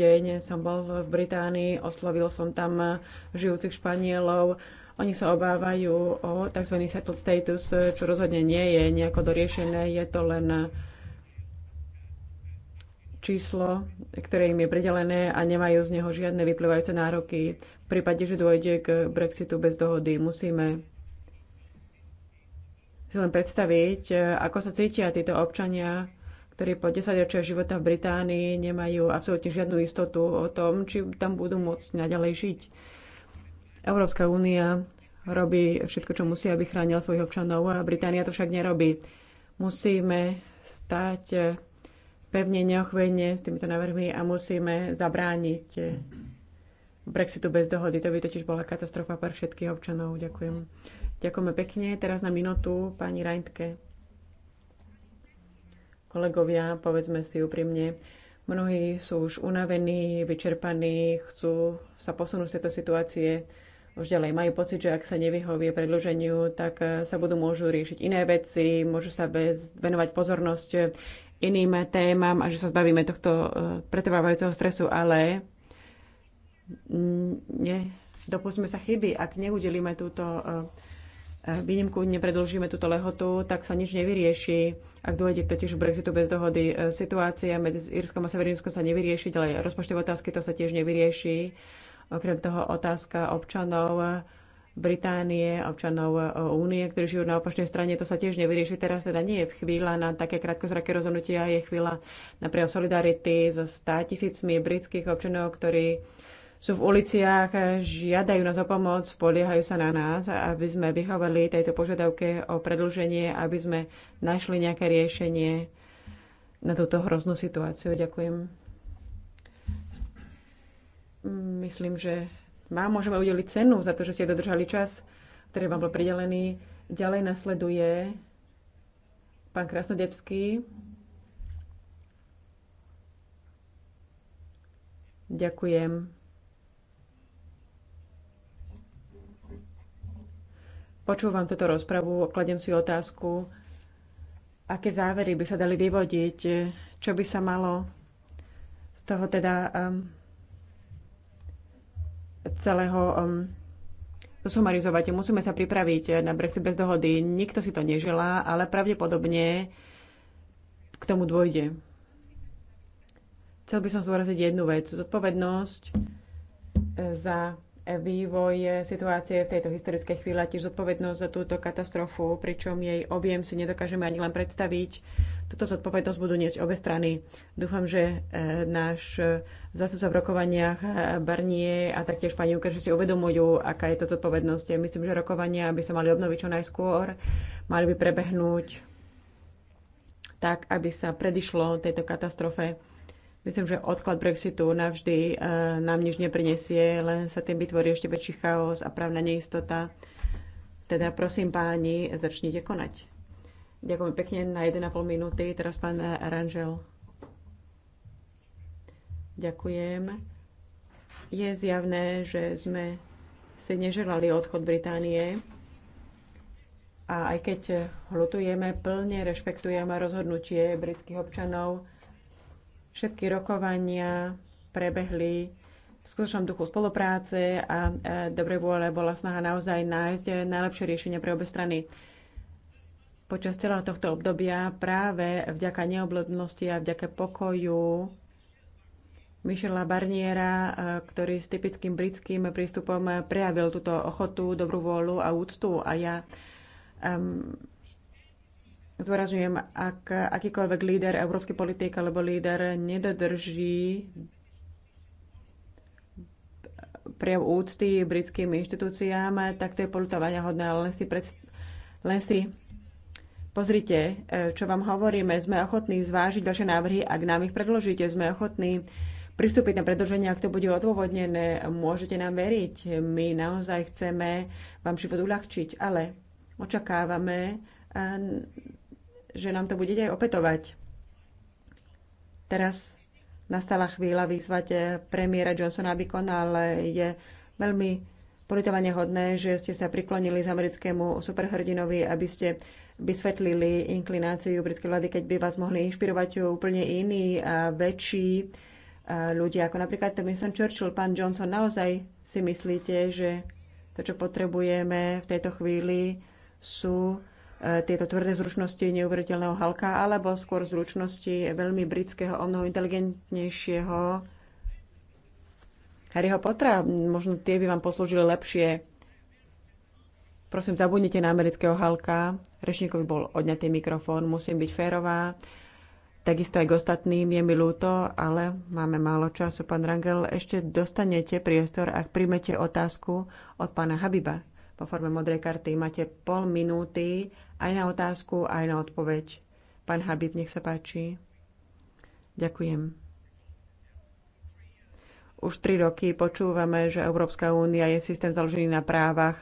deň som bol v Británii, oslovil som tam žijúcich Španielov. Oni sa obávajú o tzv. settled status, čo rozhodne nie je nejako doriešené. Je to len číslo, ktoré im je pridelené a nemajú z neho žiadne vyplývajúce nároky. V prípade, že dôjde k Brexitu bez dohody, musíme si len predstaviť, ako sa cítia títo občania ktorí po 10 ročia života v Británii nemajú absolútne žiadnu istotu o tom, či tam budú môcť naďalej žiť. Európska únia robí všetko, čo musí, aby chránila svojich občanov a Británia to však nerobí. Musíme stať pevne, neochvejne s týmito návrhmi a musíme zabrániť Brexitu bez dohody. To by totiž bola katastrofa pre všetkých občanov. Ďakujem. Ďakujeme pekne. Teraz na minútu pani Reintke. Kolegovia, povedzme si úprimne, mnohí sú už unavení, vyčerpaní, chcú sa posunúť z tejto situácie už ďalej. Majú pocit, že ak sa nevyhovie predloženiu, tak eh, sa budú môžu riešiť iné veci, môžu sa bez, venovať pozornosť iným témam a že sa zbavíme tohto eh, pretrvávajúceho stresu, ale ne, dopustíme sa chyby, ak neudelíme túto eh, výnimku nepredlžíme túto lehotu, tak sa nič nevyrieši. Ak dôjde totiž Brexitu bez dohody, e, situácia medzi Írskom a Severinskom sa nevyrieši, ale rozpočtové otázky to sa tiež nevyrieši. Okrem toho otázka občanov e, Británie, občanov e, Únie, ktorí žijú na opačnej strane, to sa tiež nevyrieši. Teraz teda nie je chvíľa na také krátkozraké rozhodnutia, je chvíľa napríklad solidarity so 100 tisícmi britských občanov, ktorí sú v uliciach, žiadajú nás o pomoc, poliehajú sa na nás, aby sme vyhovali tejto požiadavke o predlženie, aby sme našli nejaké riešenie na túto hroznú situáciu. Ďakujem. Myslím, že vám môžeme udeliť cenu za to, že ste dodržali čas, ktorý vám bol pridelený. Ďalej nasleduje pán Krasnodebský. Ďakujem. počúvam túto rozpravu, kladem si otázku, aké závery by sa dali vyvodiť, čo by sa malo z toho teda um, celého um, sumarizovať. Musíme sa pripraviť na Brexit bez dohody. Nikto si to neželá, ale pravdepodobne k tomu dôjde. Chcel by som zúraziť jednu vec. Zodpovednosť eh, za vývoj situácie v tejto historickej chvíli a tiež zodpovednosť za túto katastrofu, pričom jej objem si nedokážeme ani len predstaviť. Toto zodpovednosť budú niesť obe strany. Dúfam, že e, náš zástupca v rokovaniach e, Barnie a taktiež pani Juncker, že si uvedomujú, aká je to zodpovednosť. Myslím, že rokovania by sa mali obnoviť čo najskôr, mali by prebehnúť tak, aby sa predišlo tejto katastrofe Myslím, že odklad Brexitu navždy e, nám nič neprinesie, len sa tým vytvorí ešte väčší chaos a právna neistota. Teda prosím páni, začnite konať. Ďakujem pekne na 1,5 minúty. Teraz pán aranžel. Ďakujem. Je zjavné, že sme si neželali odchod Británie a aj keď hlutujeme, plne rešpektujeme rozhodnutie britských občanov Všetky rokovania prebehli v skutočnom duchu spolupráce a e, dobrej vôle bola snaha naozaj nájsť e, najlepšie riešenie pre obe strany. Počas celého tohto obdobia práve vďaka neoblodnosti a vďaka pokoju Michela Barniera, e, ktorý s typickým britským prístupom prejavil túto ochotu, dobrú vôľu a úctu. A ja um, Zvorazujem, ak akýkoľvek líder európskej politik alebo líder nedodrží prejav úcty britským inštitúciám, tak to je polutovania hodné, ale len si, pred... len si pozrite, eh, čo vám hovoríme. Sme ochotní zvážiť vaše návrhy, ak nám ich predložíte. Sme ochotní pristúpiť na predlženie, ak to bude odôvodnené. Môžete nám veriť. My naozaj chceme vám život uľahčiť, ale očakávame eh, že nám to budete aj opätovať. Teraz nastala chvíľa vyzvať eh, premiéra Johnsona, aby konal. Je veľmi politovane hodné, že ste sa priklonili z americkému superhrdinovi, aby ste vysvetlili inklináciu britskej vlády, keď by vás mohli inšpirovať úplne iní a väčší eh, ľudia, ako napríklad Winston Churchill, pán Johnson. Naozaj si myslíte, že to, čo potrebujeme v tejto chvíli, sú E, tieto tvrdé zručnosti neuveriteľného halka, alebo skôr zručnosti veľmi britského, o mnoho inteligentnejšieho Harryho Pottera. Možno tie by vám poslúžili lepšie. Prosím, zabudnite na amerického halka. Rečníkovi bol odňatý mikrofón. Musím byť férová. Takisto aj k ostatným je mi ľúto, ale máme málo času. Pán Rangel, ešte dostanete priestor, ak príjmete otázku od pána Habiba. Vo forme modrej karty. Máte pol minúty aj na otázku, aj na odpoveď. Pán Habib, nech sa páči. Ďakujem. Už tri roky počúvame, že Európska únia je systém založený na právach.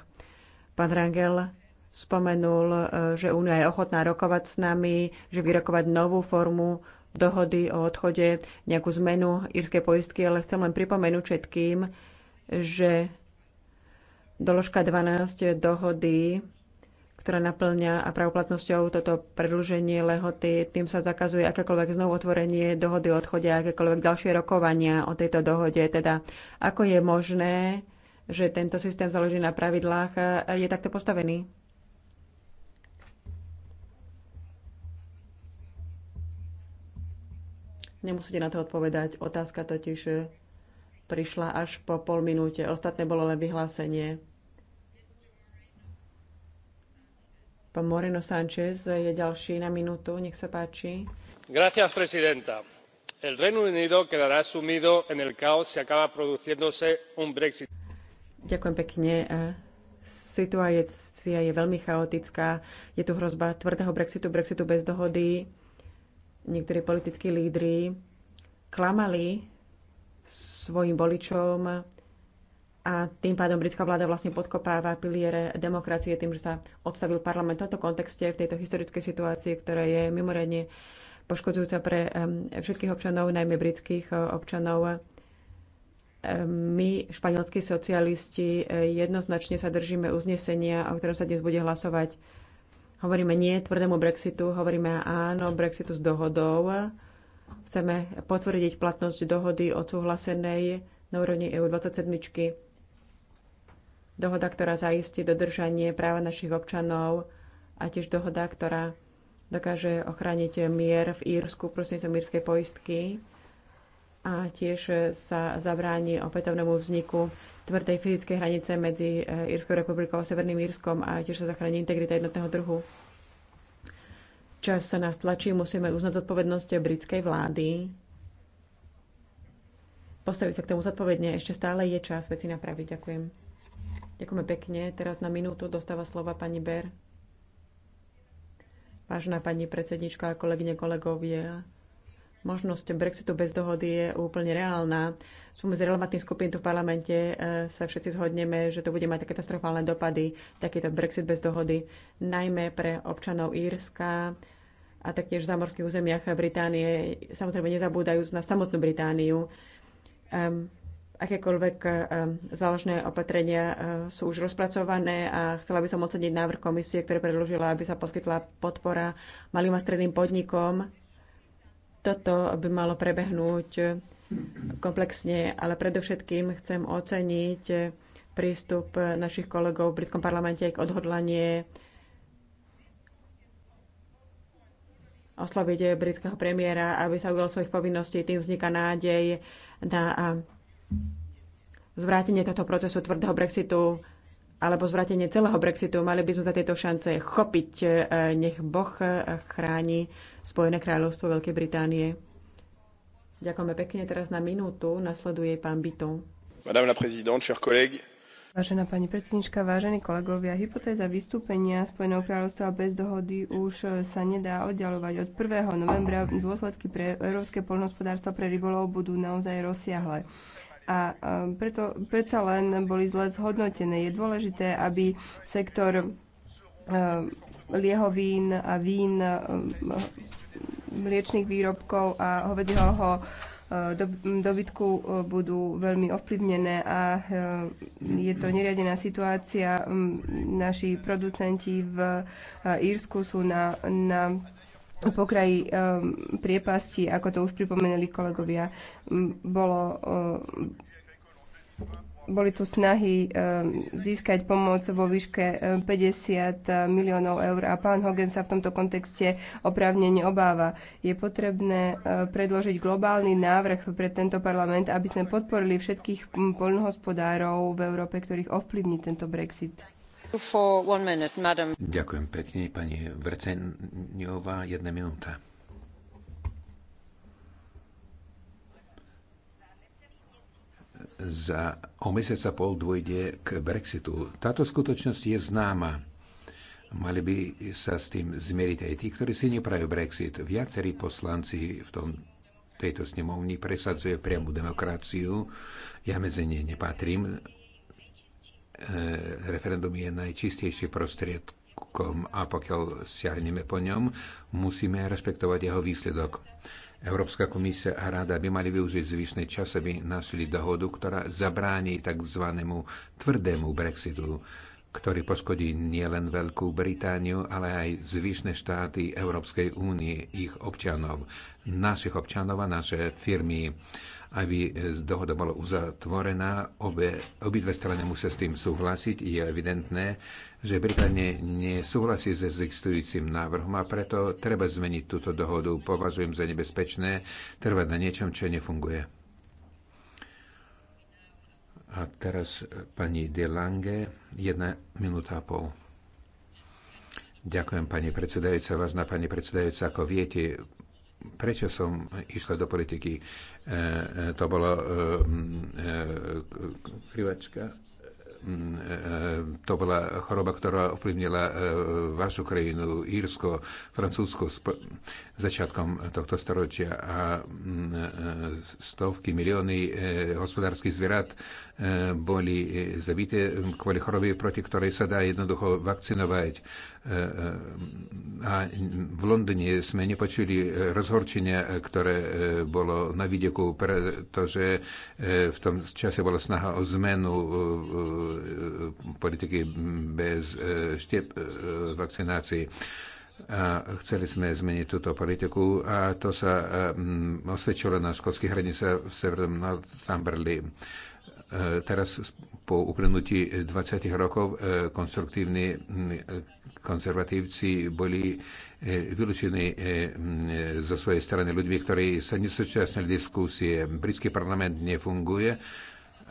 Pán Rangel spomenul, e, že únia je ochotná rokovať s nami, že vyrokovať novú formu dohody o odchode, nejakú zmenu írskej poistky, ale chcem len pripomenúť všetkým, že Doložka 12 dohody, ktorá naplňa a pravoplatnosťou toto predlženie lehoty, tým sa zakazuje akékoľvek znovu otvorenie dohody o odchode a akékoľvek ďalšie rokovania o tejto dohode. Teda ako je možné, že tento systém založený na pravidlách je takto postavený? Nemusíte na to odpovedať. Otázka totiž prišla až po pol minúte. Ostatné bolo len vyhlásenie. Pán Moreno Sánchez je ďalší na minútu. Nech sa páči. Gracias, presidenta. El Reino Unido quedará sumido en el caos si acaba produciéndose un Brexit. Ďakujem pekne. Situácia je veľmi chaotická. Je tu hrozba tvrdého Brexitu, Brexitu bez dohody. Niektorí politickí lídry klamali svojim voličom a tým pádom britská vláda vlastne podkopáva piliere demokracie tým, že sa odstavil parlament v tomto kontexte, v tejto historickej situácii, ktorá je mimoriadne poškodzujúca pre všetkých občanov, najmä britských eh, občanov. My, španielskí socialisti, eh, jednoznačne sa držíme uznesenia, o ktorom sa dnes bude hlasovať. Hovoríme nie tvrdému Brexitu, hovoríme áno Brexitu s dohodou Chceme potvrdiť platnosť dohody odsúhlasenej na úrovni EU27. Dohoda, ktorá zaistí dodržanie práva našich občanov a tiež dohoda, ktorá dokáže ochrániť mier v Írsku prostredníctvom mírskej poistky a tiež sa zabráni opätovnému vzniku tvrdej fyzickej hranice medzi Írskou republikou a Severným Írskom a tiež sa zachráni integrita jednotného druhu. Čas sa nás tlačí, musíme uznať zodpovednosť britskej vlády. Postaviť sa k tomu zodpovedne, ešte stále je čas veci napraviť. Ďakujem. Ďakujeme pekne. Teraz na minútu dostáva slova pani Ber. Vážená pani predsednička, kolegyne, kolegovia, možnosť Brexitu bez dohody je úplne reálna. z relevantných skupín tu v parlamente e, sa všetci zhodneme, že to bude mať také katastrofálne dopady, takýto Brexit bez dohody, najmä pre občanov Írska a taktiež v zamorských územiach Británie, samozrejme nezabúdajúc na samotnú Britániu. Um, akékoľvek e, záložné opatrenia e, sú už rozpracované a chcela by som oceniť návrh komisie, ktoré predložila, aby sa poskytla podpora malým a stredným podnikom toto by malo prebehnúť komplexne, ale predovšetkým chcem oceniť prístup našich kolegov v britskom parlamente k odhodlanie osloviť britského premiéra, aby sa udal svojich povinností. Tým vzniká nádej na zvrátenie tohto procesu tvrdého Brexitu alebo zvratenie celého Brexitu. Mali by sme za tieto šance chopiť. E, nech Boh e, chráni Spojené kráľovstvo Veľkej Británie. Ďakujeme pekne. Teraz na minútu nasleduje pán Bito. Madame la présidente, chers collègues, Vážená pani predsednička, vážení kolegovia, hypotéza vystúpenia Spojeného kráľovstva bez dohody už sa nedá oddialovať. Od 1. novembra dôsledky pre európske poľnohospodárstvo pre rybolov budú naozaj rozsiahle a um, preto predsa len boli zle zhodnotené. Je dôležité, aby sektor um, liehovín a vín, um, mliečných výrobkov a hovedzieho uh, dobytku uh, budú veľmi ovplyvnené a je to neriadená situácia. Naši producenti v uh, Írsku sú na, na pokraji um, ehm, priepasti, ako to už pripomenuli kolegovia, bolo, um, boli tu snahy um, získať pomoc vo výške 50 eh, miliónov eur a pán Hogan sa v tomto kontexte oprávnene obáva. Je potrebné uh, predložiť globálny návrh pre tento parlament, aby sme podporili všetkých poľnohospodárov v Európe, ktorých ovplyvní tento Brexit. Ďakujem pekne, pani jedna minúta. Za o mesiac a pol dôjde k Brexitu. Táto skutočnosť je známa. Mali by sa s tým zmieriť aj tí, ktorí si neprajú Brexit. Viacerí poslanci v tom, tejto snemovni presadzuje priamu demokraciu. Ja medzi ne nepatrím E, referendum je najčistejší prostriedkom a pokiaľ siahneme po ňom, musíme rešpektovať jeho výsledok. Európska komisia a rada by mali využiť zvyšné čas, aby našli dohodu, ktorá zabráni tzv. tvrdému Brexitu, ktorý poškodí nielen Veľkú Britániu, ale aj zvyšné štáty Európskej únie, ich občanov, našich občanov a naše firmy aby e, dohoda bola uzatvorená. Obe, obidve strany musia s tým súhlasiť. Je evidentné, že Británie nesúhlasí s existujúcim návrhom a preto treba zmeniť túto dohodu. Považujem za nebezpečné trvať na niečom, čo nefunguje. A teraz e, pani De Lange, jedna minúta a pol. Ďakujem, pani predsedajúca. Vážna pani predsedajúca, ako viete, prečo som išla do politiky. E, e, to bolo e, krivačka. To bola choroba, ktorá ovplyvnila vašu krajinu, Írsko, Francúzsko s začiatkom tohto storočia a mm, stovky milióny hospodárskych zvierat boli e, zabité kvôli chorobe, proti ktorej sa dá jednoducho vakcinovať. E, e, a v Londýne sme nepočuli rozhorčenia, ktoré bolo na videku, pretože v tom čase bola snaha o zmenu politiky bez štiep vakcinácií a chceli sme zmeniť túto politiku a to sa um, osvedčilo na školských hranicách v Severnom Tamberli. E, teraz po uplynutí 20 e, rokov e, konstruktívni konzervatívci boli vylúčení zo svojej strany ľuďmi, ktorí sa nesúčasnili diskusie. Britský parlament nefunguje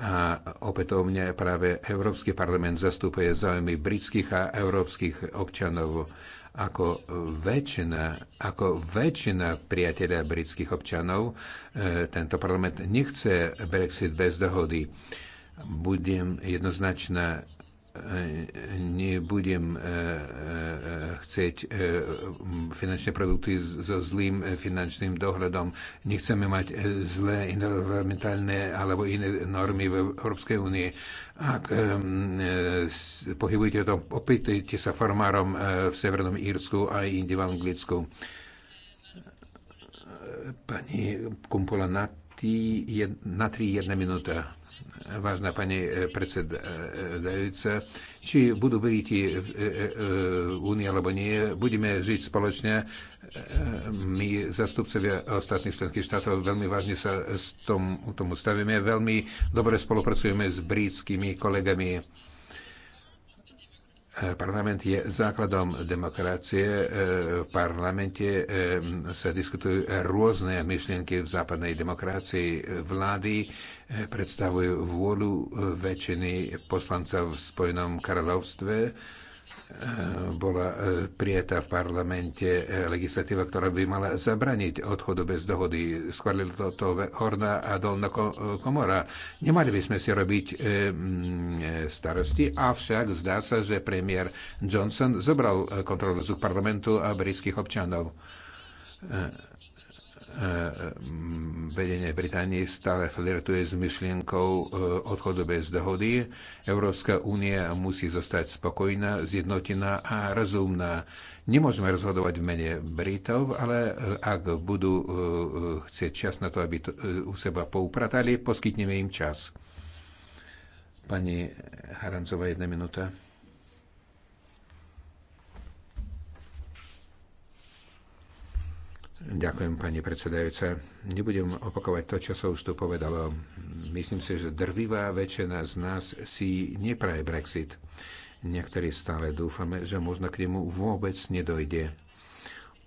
a opätovne práve Európsky parlament zastupuje záujmy britských a európskych občanov ako väčšina, ako väčšina priateľa britských občanov, e, tento parlament nechce Brexit bez dohody. Budem jednoznačná nebudem e, e, e, chcieť finančné produkty so zlým finančným dohľadom. Nechceme mať zlé environmentálne alebo iné normy v Európskej únie. Ak pohybujete to, opýtajte sa farmárom v Severnom Írsku a inde v Anglicku. Pani Kumpola, na, tý, na tri jedna minúta vážna pani e, predsedajúca, či budú Briti e, e, únie alebo nie, budeme žiť spoločne. My, zastupcovia ostatných členských štátov, veľmi vážne sa s tom, tomu stavíme, veľmi dobre spolupracujeme s britskými kolegami. Parlament je základom demokracie. V parlamente sa diskutujú rôzne myšlienky v západnej demokracii. Vlády predstavujú vôľu e, väčšiny poslancov v Spojenom kráľovstve. E, bola e, prijatá v parlamente legislatíva, ktorá by mala zabraniť odchodu bez dohody. Schválili to, to Horná a Dolná komora. Nemali by sme si robiť mm, starosti, avšak zdá sa, že premiér Johnson zobral kontrolu z parlamentu a britských občanov Eh, eh, vedenie Británie stále flirtuje s myšlienkou eh, odchodu bez dohody. Európska únia musí zostať spokojná, zjednotená a rozumná. Nemôžeme rozhodovať v mene Britov, ale ak budú chcieť čas na to, aby to u seba poupratali, poskytneme im čas. Pani Harancová, jedna minúta. Ďakujem, pani predsedajúca. Nebudem opakovať to, čo sa už tu povedal. Myslím si, že drvivá väčšina z nás si nepraje Brexit. Niektorí stále dúfame, že možno k nemu vôbec nedojde.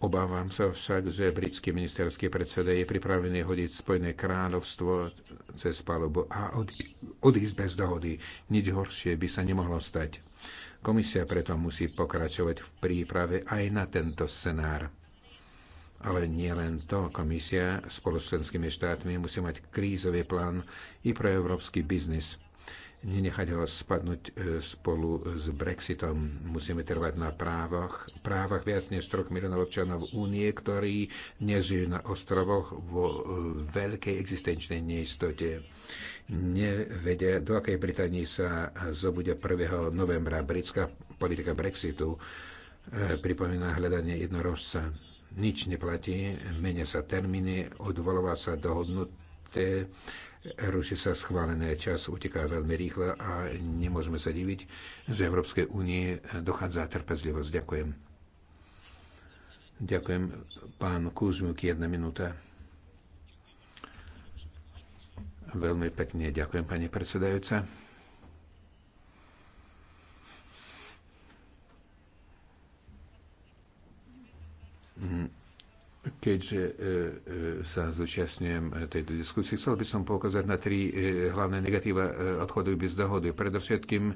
Obávam sa však, že britský ministerský predseda je pripravený hodiť Spojené kráľovstvo cez palubu a odísť bez dohody. Nič horšie by sa nemohlo stať. Komisia preto musí pokračovať v príprave aj na tento scenár ale nie len to, komisia spolu s členskými štátmi musí mať krízový plán i pre európsky biznis. Nenechať ho spadnúť e, spolu s Brexitom. Musíme trvať na právach, právach viac než troch miliónov občanov únie, ktorí nežijú na ostrovoch vo e, veľkej existenčnej neistote. Nevedia, do akej Británii sa zobude 1. novembra britská politika Brexitu e, pripomína hľadanie jednorožca nič neplatí, menia sa termíny, odvoláva sa dohodnuté, ruší sa schválené, čas uteká veľmi rýchlo a nemôžeme sa diviť, že Európskej únie dochádza trpezlivosť. Ďakujem. Ďakujem. Pán Kuzmiuk, jedna minúta. Veľmi pekne ďakujem, pani predsedajúca. Mhm. Keďže e, e, sa zúčastňujem e, tejto diskusie, chcel by som poukázať na tri hlavné negatíva odchodu bez dohody. Predovšetkým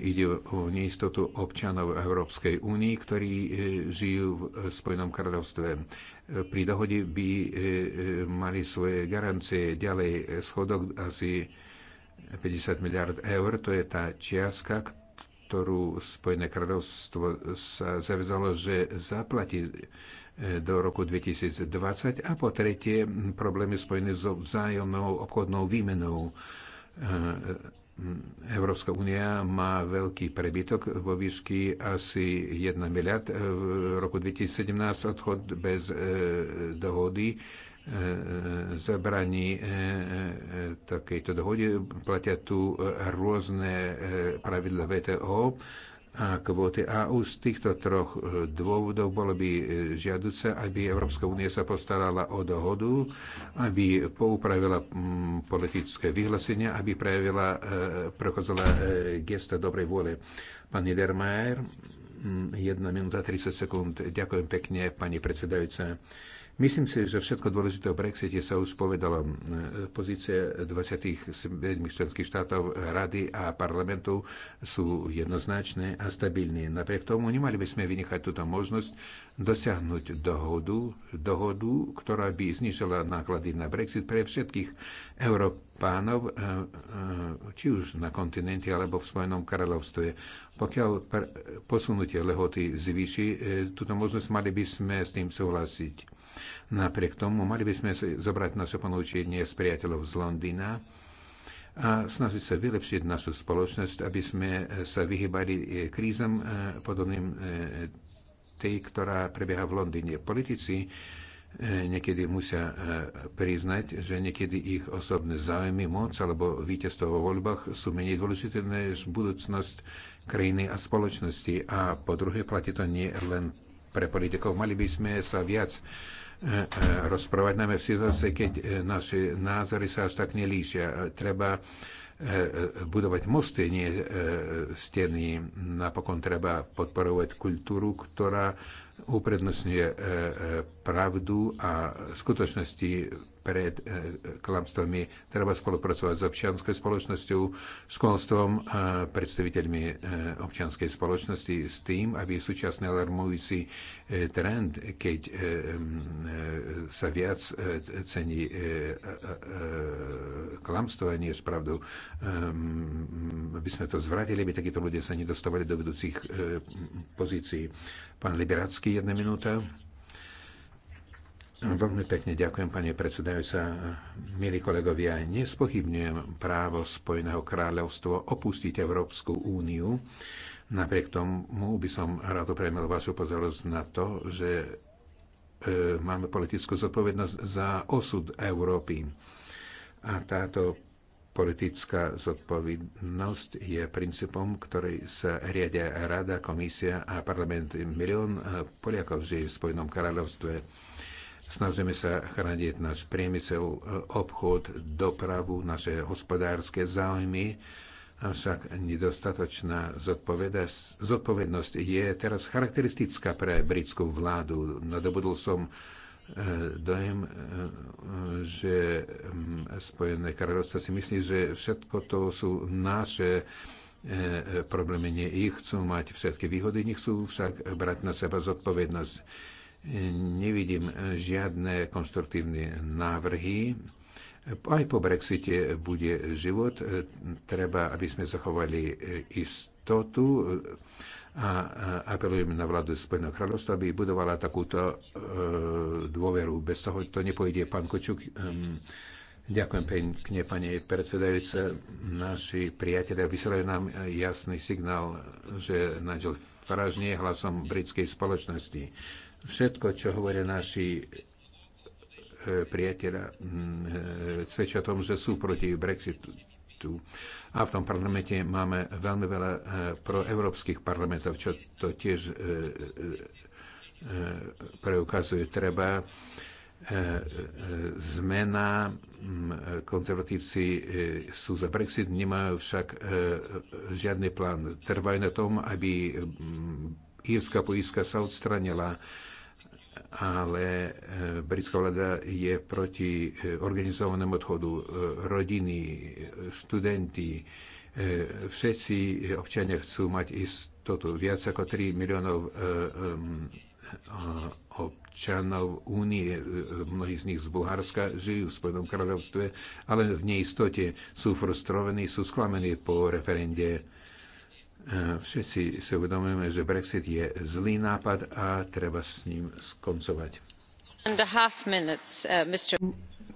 ide o neistotu občanov Európskej únii, ktorí žijú v Spojenom kráľovstve. Pri dohode by mali svoje garancie ďalej schodok asi 50 miliard eur, to je tá čiastka, ktorú Spojené kráľovstvo sa zavezalo, že zaplatí e, do roku 2020 a po tretie problémy spojené so vzájomnou obchodnou výmenou. E, e, Európska únia má veľký prebytok vo výšky asi 1 miliard. V roku 2017 odchod bez dohody E, e, zabraní e, takejto dohode. Platia tu rôzne pravidla VTO a kvóty. A už z týchto troch dôvodov bolo by žiaduce, aby Európska únia sa postarala o dohodu, aby poupravila mm, politické vyhlásenia, aby prejavila, prechádzala gesta dobrej vôle. Pán Niedermayer, 1 mm, minúta 30 sekúnd. Ďakujem pekne, pani predsedajúca. Myslím si, že všetko dôležité o Brexite sa už povedalo. Pozície 27 členských štátov, rady a parlamentu sú jednoznačné a stabilné. Napriek tomu nemali by sme vynechať túto možnosť dosiahnuť dohodu, dohodu, ktorá by znižila náklady na Brexit pre všetkých Európánov, e, e, či už na kontinente alebo v Spojenom kráľovstve. Pokiaľ posunutie lehoty zvýši e, túto možnosť, mali by sme s tým súhlasiť Napriek tomu mali by sme si zobrať naše ponúčenie z priateľov z Londýna a snažiť sa vylepšiť našu spoločnosť, aby sme sa vyhybali e, krízam e, podobným e, tej, ktorá prebieha v Londýne. Politici niekedy musia priznať, že niekedy ich osobné záujmy, moc alebo víťazstvo vo voľbách sú menej dôležité než budúcnosť krajiny a spoločnosti. A po druhé, platí to nie len pre politikov. Mali by sme sa viac E, e, rozprávať, najmä v situácii, keď e, naše názory sa až tak nelíšia. Treba budovať mosty, nie steny. Napokon treba podporovať kultúru, ktorá uprednostňuje pravdu a skutočnosti pred e, klamstvami. Treba spolupracovať s občianskou spoločnosťou, školstvom, predstaviteľmi e, občianskej spoločnosti s tým, aby súčasný alarmujúci e, trend, keď sa viac cení klamstvo a nie spravdu, aby sme to zvratili, aby takíto ľudia sa nedostávali do vedúcich pozícií. Pán Liberácký, jedna minúta. Veľmi pekne ďakujem, pani predsedajúca. Milí kolegovia, nespochybňujem právo Spojeného kráľovstva opustiť Európsku úniu. Napriek tomu by som rád opremil vašu pozornosť na to, že e, máme politickú zodpovednosť za osud Európy. A táto politická zodpovednosť je princípom, ktorý sa riadia Rada, Komisia a parlament. Milión e, Poliakov žije v Spojenom kráľovstve Snažíme sa chrániť náš priemysel, e, obchod, dopravu, naše hospodárske záujmy, avšak nedostatočná zodpovednosť je teraz charakteristická pre britskú vládu. Nadobudol som e, dojem, e, že Spojené kráľovstvo si myslí, že všetko to sú naše problémy nie ich, chcú mať všetky výhody, nechcú však brať na seba zodpovednosť. Nevidím žiadne konstruktívne návrhy. Aj po Brexite bude život. Treba, aby sme zachovali istotu a apelujem na vládu Spojeného kráľovstva, aby budovala takúto e, dôveru. Bez toho to nepojde. Pán Kočuk, Ďakujem pekne, pani predsedajúca. Naši priatelia vysielajú nám jasný signál, že Nigel Farage nie je hlasom britskej spoločnosti. Všetko, čo hovoria naši e, priateľa, e, svedčia o tom, že sú proti Brexitu. A v tom parlamente máme veľmi veľa e, proevropských parlamentov, čo to tiež preukazuje. Treba zmena, konzervatívci sú za Brexit, nemajú však žiadny plán. Trvajú na tom, aby Írska poíska sa odstranila ale e, britská vláda je proti e, organizovanému odchodu e, rodiny, študenti, všetci občania chcú mať istotu. Viac ako 3 miliónov občanov únie, mnohí z nich z Bulharska, žijú v Spojenom kráľovstve, ale v neistote sú frustrovaní, sú sklamení po referende Eh, všetci si uvedomujeme, že Brexit je zlý nápad a treba s ním skoncovať. Minutes, uh,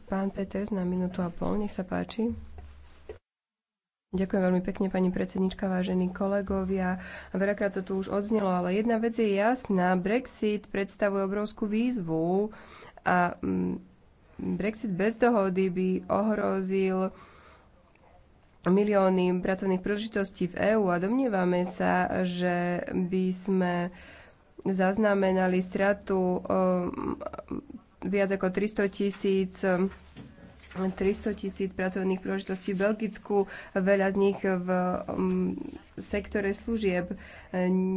Pán Peters na minútu a pol, nech sa páči. Ďakujem veľmi pekne, pani predsednička, vážení kolegovia. Veľakrát to tu už odznelo, ale jedna vec je jasná. Brexit predstavuje obrovskú výzvu a mm, Brexit bez dohody by ohrozil milióny pracovných príležitostí v EÚ a domnievame sa, že by sme zaznamenali stratu ehm, viac ako 300 tisíc 300 tisíc pracovných príležitostí v Belgicku, veľa z nich v um, sektore služieb.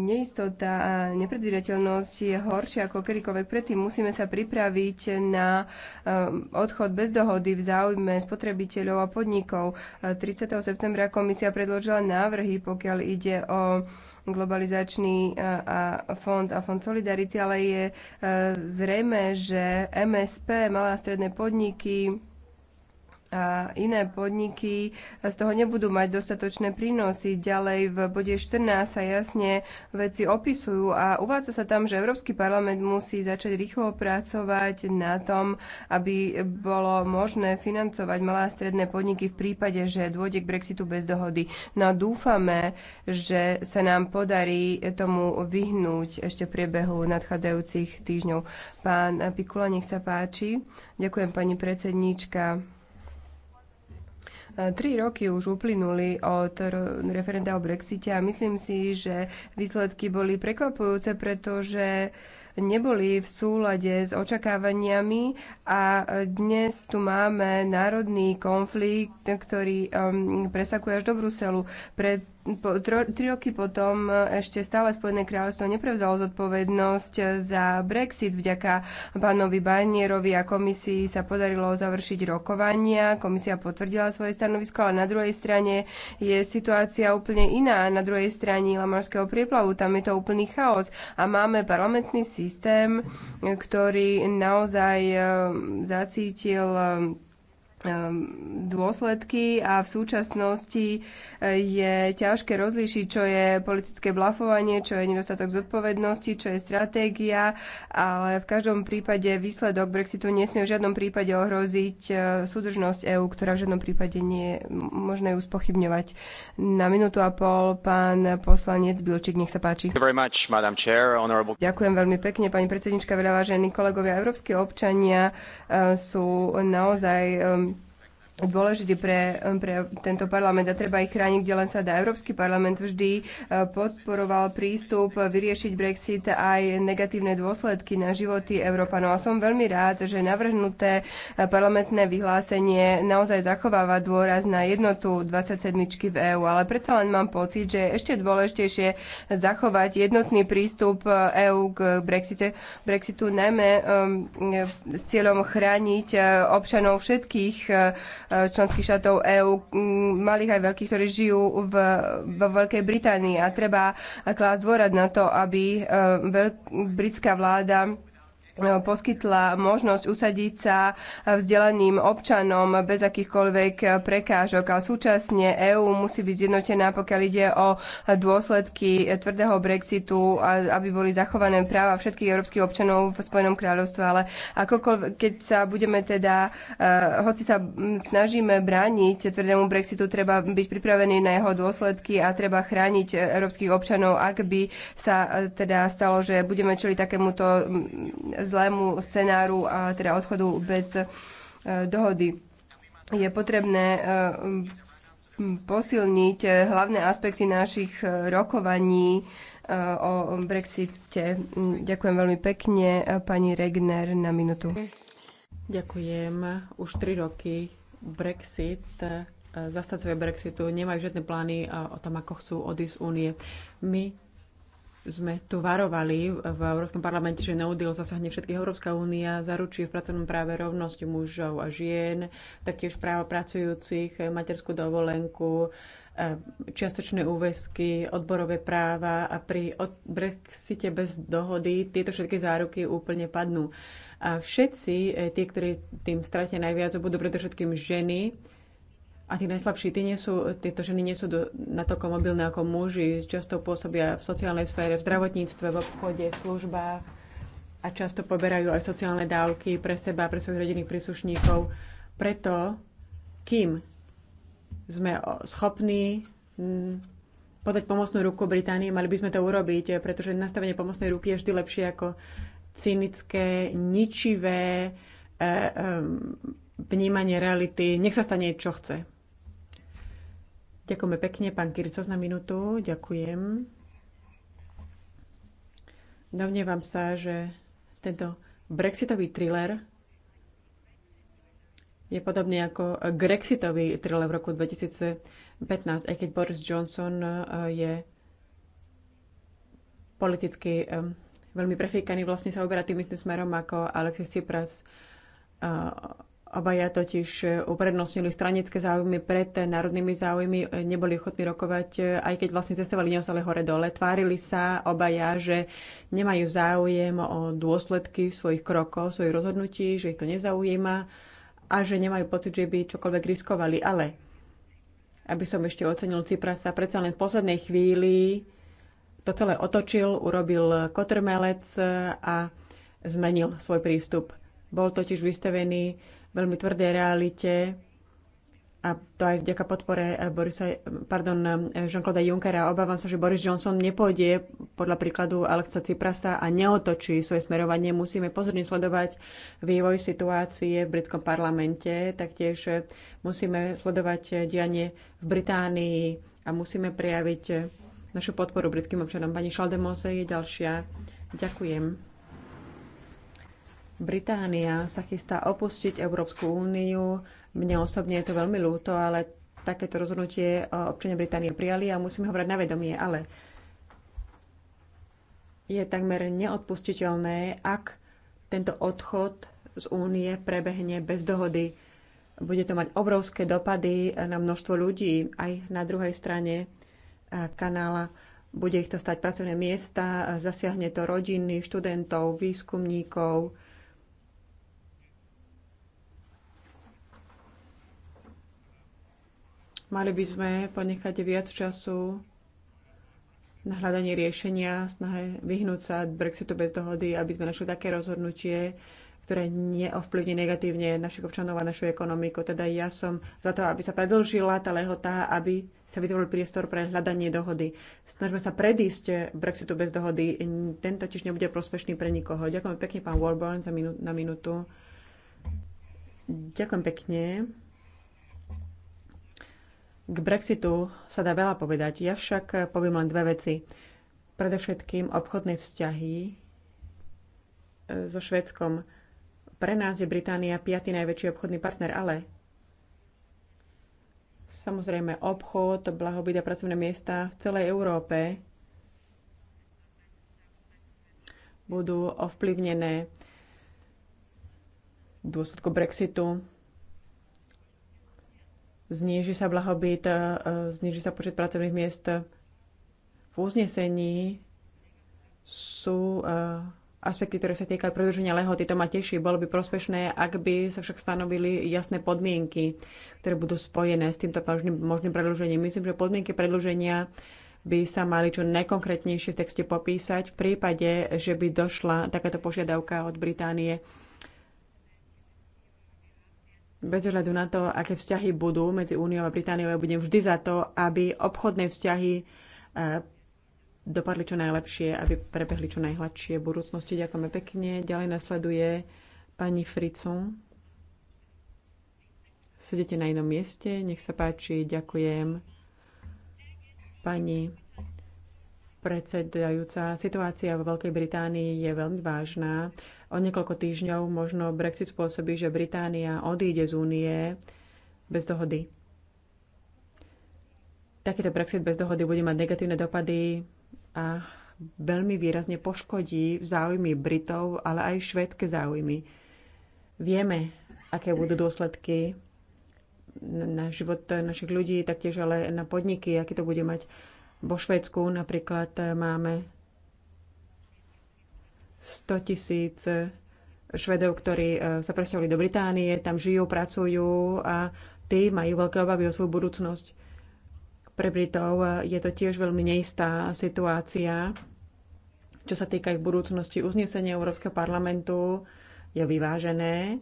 Neistota a nepredvídateľnosť je horšia ako kedykoľvek predtým. Musíme sa pripraviť na um, odchod bez dohody v záujme spotrebiteľov a podnikov. 30. septembra komisia predložila návrhy, pokiaľ ide o globalizačný a, fond a fond Solidarity, ale je e, zrejme, že MSP, malé a stredné podniky, a iné podniky z toho nebudú mať dostatočné prínosy. Ďalej v bode 14 sa jasne veci opisujú a uvádza sa tam, že Európsky parlament musí začať rýchlo pracovať na tom, aby bolo možné financovať malé a stredné podniky v prípade, že dôjde k Brexitu bez dohody. No a dúfame, že sa nám podarí tomu vyhnúť ešte v priebehu nadchádzajúcich týždňov. Pán Pikula, nech sa páči. Ďakujem, pani predsedníčka. Tri roky už uplynuli od referenda o Brexite a myslím si, že výsledky boli prekvapujúce, pretože neboli v súlade s očakávaniami a dnes tu máme národný konflikt, ktorý um, presakuje až do Bruselu. Pred po, tro, tri roky potom ešte stále Spojené kráľovstvo neprevzalo zodpovednosť za Brexit. Vďaka pánovi Barnierovi a komisii sa podarilo završiť rokovania. Komisia potvrdila svoje stanovisko, ale na druhej strane je situácia úplne iná. Na druhej strane Lamorského prieplavu tam je to úplný chaos. A máme parlamentný systém, ktorý naozaj eh, zacítil eh, Ehm, dôsledky a v súčasnosti e, je ťažké rozlíšiť, čo je politické blafovanie, čo je nedostatok zodpovednosti, čo je stratégia, ale v každom prípade výsledok Brexitu nesmie v žiadnom prípade ohroziť e, súdržnosť EÚ, ktorá v žiadnom prípade nie je možné ju spochybňovať. Na minútu a pol pán poslanec Bilčík, nech sa páči. Much, Chair, Ďakujem veľmi pekne, pani predsednička, veľa vážení kolegovia. európske občania e, sú naozaj dôležitý pre, pre tento parlament a treba ich chrániť, kde len sa dá. Európsky parlament vždy e, podporoval prístup vyriešiť Brexit aj negatívne dôsledky na životy Európanov. A som veľmi rád, že navrhnuté e, parlamentné vyhlásenie naozaj zachováva dôraz na jednotu 27 v EÚ, ale predsa len mám pocit, že je ešte dôležitejšie zachovať jednotný prístup EÚ e k Brexite, Brexitu, najmä um, s cieľom chrániť občanov všetkých Eh, členských štátov EÚ, mm, malých aj veľkých, ktorí žijú v, vo Veľkej Británii. A treba eh, klásť dôrad na to, aby eh, veľk, britská vláda E, poskytla možnosť usadiť sa e, vzdelaným občanom bez akýchkoľvek e, prekážok a súčasne EÚ musí byť zjednotená, pokiaľ ide o dôsledky tvrdého Brexitu, aby boli zachované práva všetkých európskych občanov v Spojenom kráľovstve, ale akokoľvek, keď sa budeme teda, hoci sa snažíme brániť tvrdému Brexitu, treba byť pripravený na jeho dôsledky a treba chrániť európskych občanov, ak by sa teda stalo, že budeme čeliť takémuto zlému scenáru, a teda odchodu bez e, dohody. Je potrebné e, posilniť e, hlavné aspekty našich rokovaní o Brexite. Ďakujem veľmi pekne, pani Regner, na minutu. Ďakujem. Už tri roky Brexit zastancovia Brexitu nemajú žiadne plány o tom, ako chcú odísť z únie. My sme tu varovali v Európskom parlamente, že no deal zasahne všetky Európska únia zaručí v pracovnom práve rovnosť mužov a žien, taktiež právo pracujúcich, materskú dovolenku, eh, čiastočné úväzky, odborové práva a pri Brexite bez dohody tieto všetky záruky úplne padnú. A všetci, eh, tí, ktorí tým stratia najviac, budú predovšetkým ženy, a tí najslabší, tí nie sú, tieto ženy nie sú do, natoľko mobilné ako muži, často pôsobia v sociálnej sfére, v zdravotníctve, v obchode, v službách a často poberajú aj sociálne dávky pre seba, pre svojich rodinných príslušníkov. Preto, kým sme schopní podať pomocnú ruku Británii, mali by sme to urobiť, pretože nastavenie pomocnej ruky je vždy lepšie ako cynické, ničivé, e, e, vnímanie reality, nech sa stane, čo chce. Ďakujeme pekne, pán Kirco, na minútu. Ďakujem. Domnievam sa, že tento brexitový thriller je podobný ako Grexitový thriller v roku 2015, aj keď Boris Johnson e, je politicky e, veľmi prefíkaný, vlastne sa uberá tým istým smerom ako Alexis Tsipras e, Obaja totiž e, uprednostnili stranické záujmy pred e, národnými záujmy, e, neboli ochotní rokovať, aj keď vlastne cestovali neustále hore-dole. Tvárili sa obaja, že nemajú záujem o dôsledky svojich krokov, svojich rozhodnutí, že ich to nezaujíma a že nemajú pocit, že by čokoľvek riskovali. Ale aby som ešte ocenil Ciprasa, predsa len v poslednej chvíli to celé otočil, urobil kotrmelec a zmenil svoj prístup. Bol totiž vystavený veľmi tvrdej realite a to aj vďaka podpore eh, Borisa, pardon, eh, Jean-Claude Junckera. Obávam sa, že Boris Johnson nepôjde podľa príkladu Alexa Ciprasa a neotočí svoje smerovanie. Musíme pozorne sledovať vývoj situácie v britskom parlamente, taktiež eh, musíme sledovať dianie v Británii a musíme prejaviť našu podporu britským občanom. Pani Šaldemose je ďalšia. Ďakujem. Británia sa chystá opustiť Európsku úniu. Mne osobne je to veľmi ľúto, ale takéto rozhodnutie eh, občania Británie prijali a musíme ho brať na vedomie. Ale je takmer neodpustiteľné, ak tento odchod z únie prebehne bez dohody. Bude to mať obrovské dopady eh, na množstvo ľudí. Aj na druhej strane eh, kanála bude ich to stať pracovné miesta, zasiahne to rodiny, študentov, výskumníkov, Mali by sme ponechať viac času na hľadanie riešenia, snahe vyhnúť sa Brexitu bez dohody, aby sme našli také rozhodnutie, ktoré neovplyvní negatívne našich občanov a našu ekonomiku. Teda ja som za to, aby sa predlžila tá lehota, aby sa vytvoril priestor pre hľadanie dohody. Snažme sa predísť Brexitu bez dohody. Ten tiež nebude prospešný pre nikoho. Ďakujem pekne, pán Warburn, za minu- na minútu. Ďakujem pekne. K Brexitu sa dá veľa povedať, ja však poviem len dve veci. Predovšetkým obchodné vzťahy e, so Švedskom. Pre nás je Británia piatý najväčší obchodný partner, ale samozrejme obchod, blahobyt a pracovné miesta v celej Európe budú ovplyvnené v dôsledku Brexitu zníži sa blahobyt, e, e, zníži sa počet pracovných miest. V uznesení sú e, aspekty, ktoré sa týkajú predlženia lehoty. To ma teší. Bolo by prospešné, ak by sa však stanovili jasné podmienky, ktoré budú spojené s týmto možným, možným predlžením. Myslím, že podmienky predlženia by sa mali čo najkonkrétnejšie v texte popísať v prípade, že by došla takáto požiadavka od Británie bez ohľadu na to, aké vzťahy budú medzi Úniou a Britániou, ja budem vždy za to, aby obchodné vzťahy e, dopadli čo najlepšie, aby prebehli čo najhladšie v budúcnosti. Ďakujeme pekne. Ďalej nasleduje pani Fricu. Sedete na inom mieste, nech sa páči, ďakujem. Pani predsedajúca, situácia vo Veľkej Británii je veľmi vážna. O niekoľko týždňov možno Brexit spôsobí, že Británia odíde z únie bez dohody. Takýto Brexit bez dohody bude mať negatívne dopady a veľmi výrazne poškodí záujmy Britov, ale aj švédske záujmy. Vieme, aké budú dôsledky na život našich ľudí, taktiež ale na podniky, aký to bude mať. Vo Švédsku napríklad máme 100 tisíc Švedov, ktorí e, sa presťahovali do Británie, tam žijú, pracujú a tí majú veľké obavy o svoju budúcnosť. Pre Britov e, je to tiež veľmi neistá situácia, čo sa týka ich budúcnosti. Uznesenie Európskeho parlamentu je vyvážené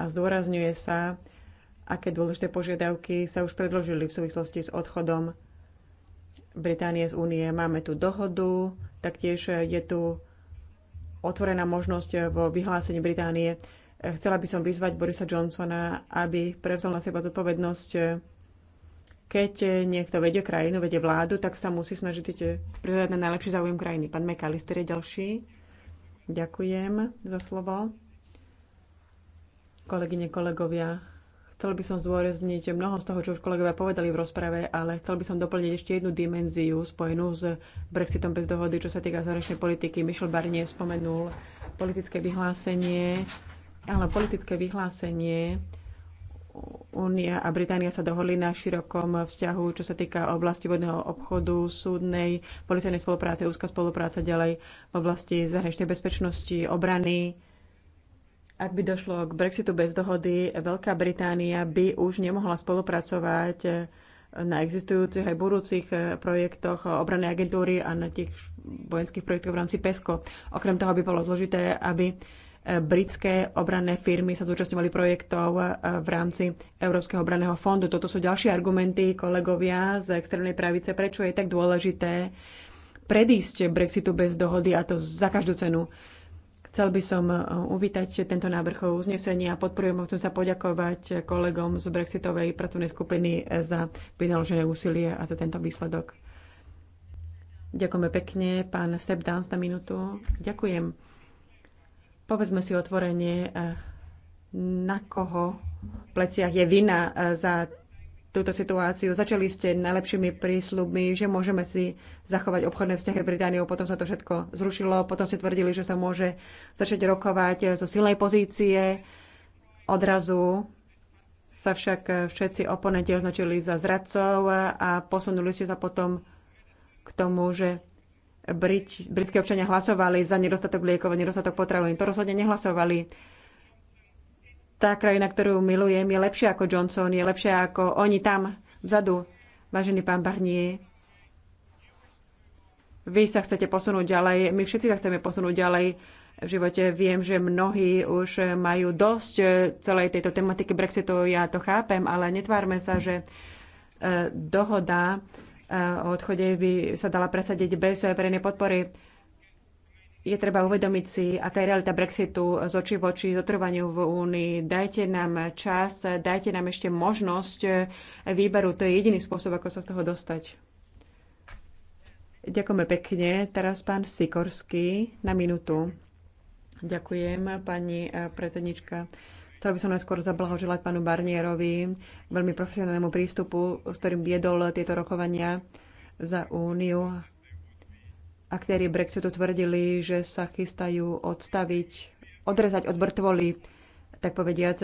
a zdôrazňuje sa, aké dôležité požiadavky sa už predložili v súvislosti s odchodom Británie z únie. Máme tu dohodu, taktiež je tu otvorená možnosť eh, vo vyhlásení Británie. Eh, chcela by som vyzvať Borisa Johnsona, aby prevzal na seba zodpovednosť. Eh, keď niekto vedie krajinu, vedie vládu, tak sa musí snažiť prihľadať na najlepší záujem krajiny. Pán McAllister je ďalší. Ďakujem za slovo. Kolegyne, kolegovia, Chcel by som zdôrazniť mnoho z toho, čo už kolegovia povedali v rozprave, ale chcel by som doplniť ešte jednu dimenziu spojenú s Brexitom bez dohody, čo sa týka zahraničnej politiky. Michel Barnier spomenul politické vyhlásenie, ale politické vyhlásenie Únia a Británia sa dohodli na širokom vzťahu, čo sa týka oblasti vodného obchodu, súdnej, policajnej spolupráce, úzka spolupráca ďalej v oblasti zahraničnej bezpečnosti, obrany ak by došlo k Brexitu bez dohody, Veľká Británia by už nemohla spolupracovať na existujúcich aj budúcich projektoch obranej agentúry a na tých vojenských projektoch v rámci PESCO. Okrem toho by bolo zložité, aby britské obranné firmy sa zúčastňovali projektov v rámci Európskeho obranného fondu. Toto sú ďalšie argumenty kolegovia z extrémnej pravice, prečo je tak dôležité predísť Brexitu bez dohody a to za každú cenu. Chcel by som e, uvítať tento návrh uznesenia a podporujem, chcem sa poďakovať kolegom z Brexitovej pracovnej skupiny za vynaložené úsilie a za tento výsledok. Ďakujeme pekne. Pán Step Dance na minútu. Ďakujem. Povedzme si otvorenie, e, na koho v pleciach je vina e, za túto situáciu. Začali ste najlepšími prísľubmi, že môžeme si zachovať obchodné vzťahy Britániou, potom sa to všetko zrušilo, potom ste tvrdili, že sa môže začať rokovať zo silnej pozície. Odrazu sa však všetci oponenti označili za zradcov a posunuli ste sa potom k tomu, že Brit, britské občania hlasovali za nedostatok liekov nedostatok potravín. To rozhodne nehlasovali tá krajina, ktorú milujem, je lepšia ako Johnson, je lepšia ako oni tam, vzadu, vážený pán Barnier. Vy sa chcete posunúť ďalej, my všetci sa chceme posunúť ďalej v živote. Viem, že mnohí už majú dosť eh, celej tejto tematiky Brexitu, ja to chápem, ale netvárme sa, že eh, dohoda eh, o odchode by sa dala presadiť bez verejnej podpory je treba uvedomiť si, aká je realita Brexitu z očí v oči zotrvaniu v Únii. Dajte nám čas, dajte nám ešte možnosť výberu. To je jediný spôsob, ako sa z toho dostať. Ďakujeme pekne. Teraz pán Sikorský na minútu. Ďakujem, pani eh, predsednička. Chcel by som najskôr zablahoželať pánu Barnierovi veľmi profesionálnemu prístupu, s ktorým viedol tieto rokovania za Úniu aktéry Brexitu tvrdili, že sa chystajú odstaviť, odrezať od mŕtvoly, tak povediac,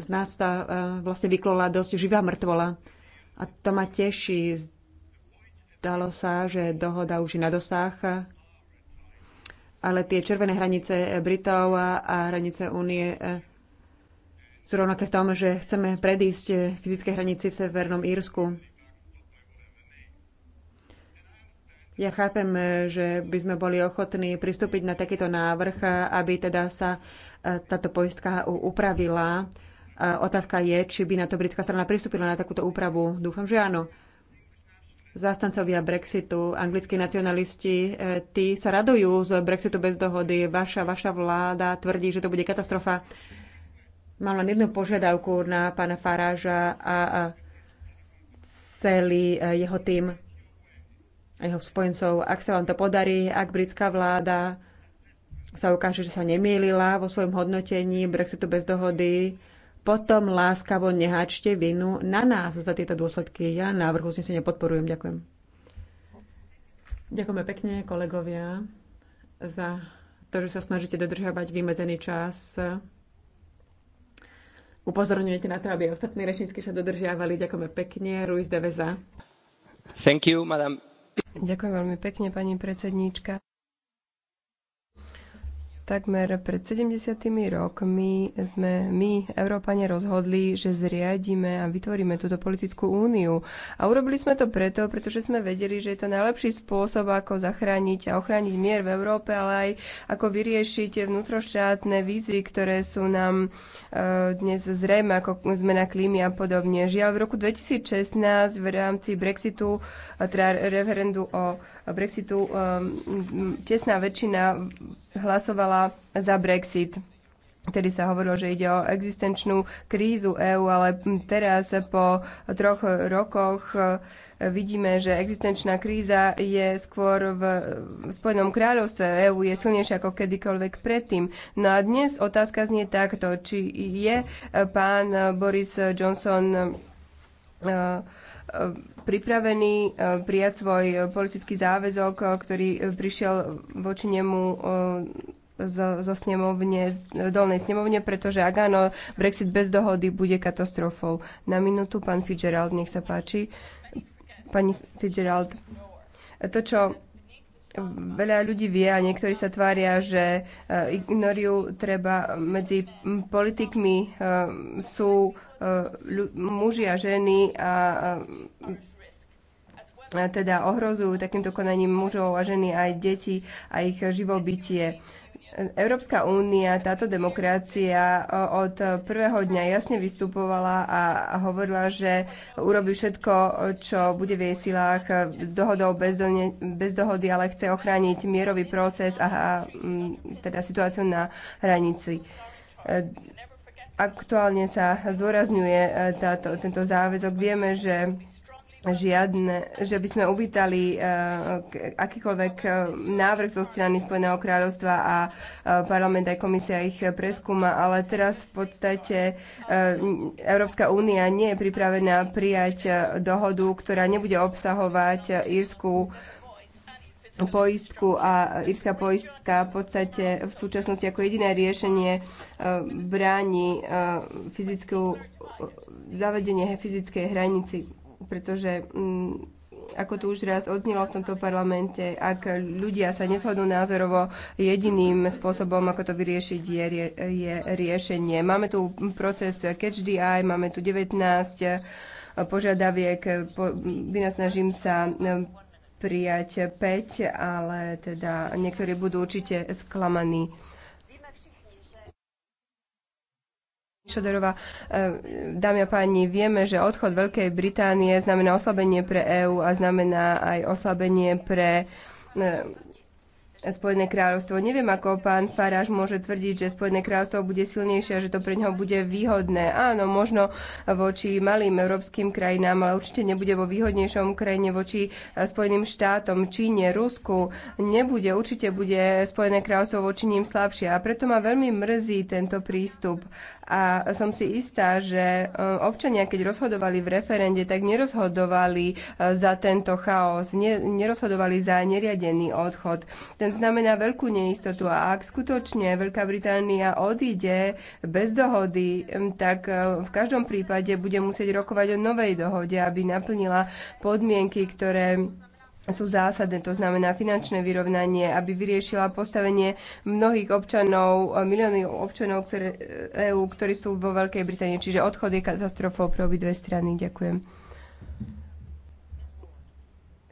z nás sa e, vlastne vyklola dosť živá mŕtvola. A to ma teší. Zdalo sa, že dohoda už je na dosah, ale tie červené hranice Britov a hranice únie e, sú rovnaké v tom, že chceme predísť fyzické hranici v Severnom Írsku. Ja chápem, že by sme boli ochotní pristúpiť na takýto návrh, aby teda sa e, táto poistka upravila. E, otázka je, či by na to britská strana pristúpila na takúto úpravu. Dúfam, že áno. Zástancovia Brexitu, anglickí nacionalisti, e, tí sa radujú z Brexitu bez dohody. Vaša, vaša vláda tvrdí, že to bude katastrofa. Mám len jednu požiadavku na pána Faráža a celý jeho tým a jeho spojencov. Ak sa vám to podarí, ak britská vláda sa ukáže, že sa nemýlila vo svojom hodnotení Brexitu bez dohody, potom láskavo nehačte vinu na nás za tieto dôsledky. Ja návrh uznesenia podporujem. Ďakujem. Ďakujeme pekne, kolegovia, za to, že sa snažíte dodržiavať vymedzený čas. Upozorňujete na to, aby ostatní rečnícky sa dodržiavali. Ďakujeme pekne. Ruiz Deveza. Thank you, madam Ďakujem veľmi pekne, pani predsedníčka. Takmer pred 70 rokmi sme my, Európane, rozhodli, že zriadíme a vytvoríme túto politickú úniu. A urobili sme to preto, pretože sme vedeli, že je to najlepší spôsob, ako zachrániť a ochrániť mier v Európe, ale aj ako vyriešiť vnútroštátne výzvy, ktoré sú nám e, dnes zrejme, ako zmena klímy a podobne. Žiaľ, v roku 2016 v rámci Brexitu, e, teda referendu o Brexitu, e, tesná väčšina hlasovala za Brexit vtedy sa hovorilo, že ide o existenčnú krízu EÚ, ale teraz po troch rokoch e, vidíme, že existenčná kríza je skôr v Spojenom kráľovstve. EÚ je silnejšia ako kedykoľvek predtým. No a dnes otázka znie takto, či je pán Boris Johnson e, e, pripravený e, prijať svoj politický záväzok, e, ktorý prišiel voči nemu e, zo, zo snemovne, z dolnej snemovne, pretože ak áno, Brexit bez dohody bude katastrofou. Na minútu, pán Fitzgerald, nech sa páči. Pani Fitzgerald, to, čo veľa ľudí vie a niektorí sa tvária, že ignoriu treba medzi politikmi sú muži a ženy a teda ohrozujú takýmto konaním mužov a ženy aj deti a ich živobytie. Európska únia, táto demokracia od prvého dňa jasne vystupovala a hovorila, že urobí všetko, čo bude v jej silách s dohodou bez, do, bez dohody, ale chce ochrániť mierový proces a, a teda situáciu na hranici. E, aktuálne sa zdôrazňuje e, táto, tento záväzok. Vieme, že žiadne, že by sme uvítali eh, akýkoľvek eh, návrh zo strany Spojeného kráľovstva a eh, parlament aj komisia ich preskúma, ale teraz v podstate Európska únia nie je pripravená prijať dohodu, ktorá nebude obsahovať írskú poistku a írska poistka v podstate v súčasnosti ako jediné riešenie bráni fyzickú, zavedenie fyzickej hranici pretože mm, ako tu už raz odznelo v tomto parlamente, ak ľudia sa neshodnú názorovo, jediným spôsobom, ako to vyriešiť, je, je riešenie. Máme tu proces Catch the Eye, máme tu 19 požiadaviek, po, vynasnažím sa e, prijať 5, ale teda niektorí budú určite sklamaní. Šoderová, e, dámy a páni, vieme, že odchod Veľkej Británie znamená oslabenie pre EÚ a znamená aj oslabenie pre e, Spojené kráľovstvo. Neviem, ako pán Faráš môže tvrdiť, že Spojené kráľovstvo bude silnejšie a že to pre ňoho bude výhodné. Áno, možno voči malým európskym krajinám, ale určite nebude vo výhodnejšom krajine voči eh, Spojeným štátom, Číne, Rusku. Nebude, určite bude Spojené kráľovstvo voči ním slabšie. A preto ma veľmi mrzí tento prístup. A som si istá, že eh, občania, keď rozhodovali v referende, tak nerozhodovali eh, za tento chaos, nerozhodovali za neriadený odchod. Ten znamená veľkú neistotu a ak skutočne Veľká Británia odíde bez dohody, tak e, v každom prípade bude musieť rokovať o novej dohode, aby naplnila podmienky, ktoré sú zásadné, to znamená finančné vyrovnanie, aby vyriešila postavenie mnohých občanov, e, milióny občanov ktoré, EU, e ktorí sú vo Veľkej Británii. Čiže odchod je katastrofou pre obidve strany. Ďakujem.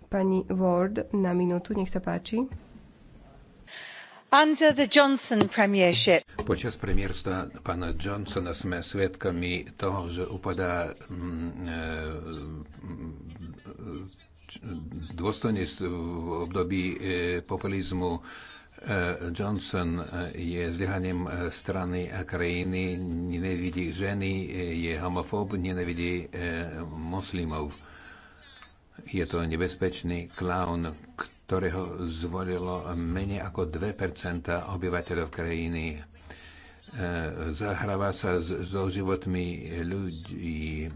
Pani Ward, na minútu, nech sa páči. Počas premiérstva pána Johnsona sme svedkami toho, že upadá mm, e, dôstojne v období e, populizmu. E, Johnson je zlyhaním strany a krajiny, nenevidí ženy, je homofób, nenevidí moslimov. Je to nebezpečný klaun, ktorý ktorého zvolilo menej ako 2 obyvateľov krajiny. E, zahráva sa so životmi ľudí.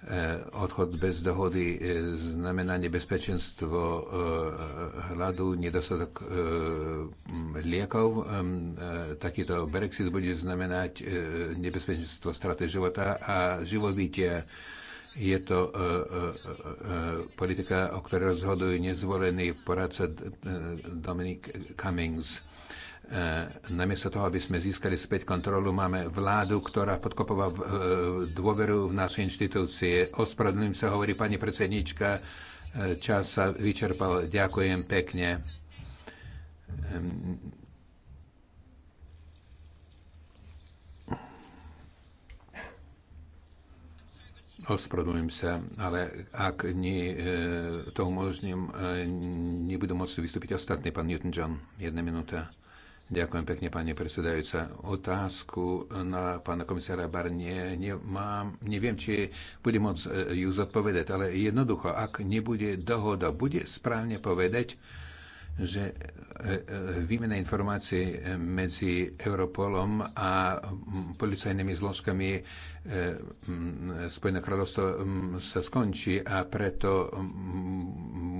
E, odchod bez dohody e, znamená nebezpečenstvo hladu, nedostatok liekov. Takýto Brexit bude znamenať nebezpečenstvo straty života a živobytia je to uh, uh, uh, politika, o ktorej rozhodujú nezvolený poradca e, Dominic Cummings. E, namiesto toho, aby sme získali späť kontrolu, máme vládu, ktorá podkopová e, dôveru v naše inštitúcie. Ospravedlňujem sa, hovorí pani predsednička, čas sa vyčerpal. Ďakujem pekne. Ospravedlňujem sa, ale ak nie, e, to umožním, e, nebudú môcť vystúpiť ostatní. Pán Newton-John, jedna minúta. Ďakujem pekne, pani predsedajúca. Otázku na pána komisára Barnie nemám, neviem, či bude môcť e, ju zodpovedať, ale jednoducho, ak nebude dohoda, bude správne povedať, že e, e, výmena informácií e, medzi Europolom a policajnými zložkami Spojeného kráľovstva sa skončí a preto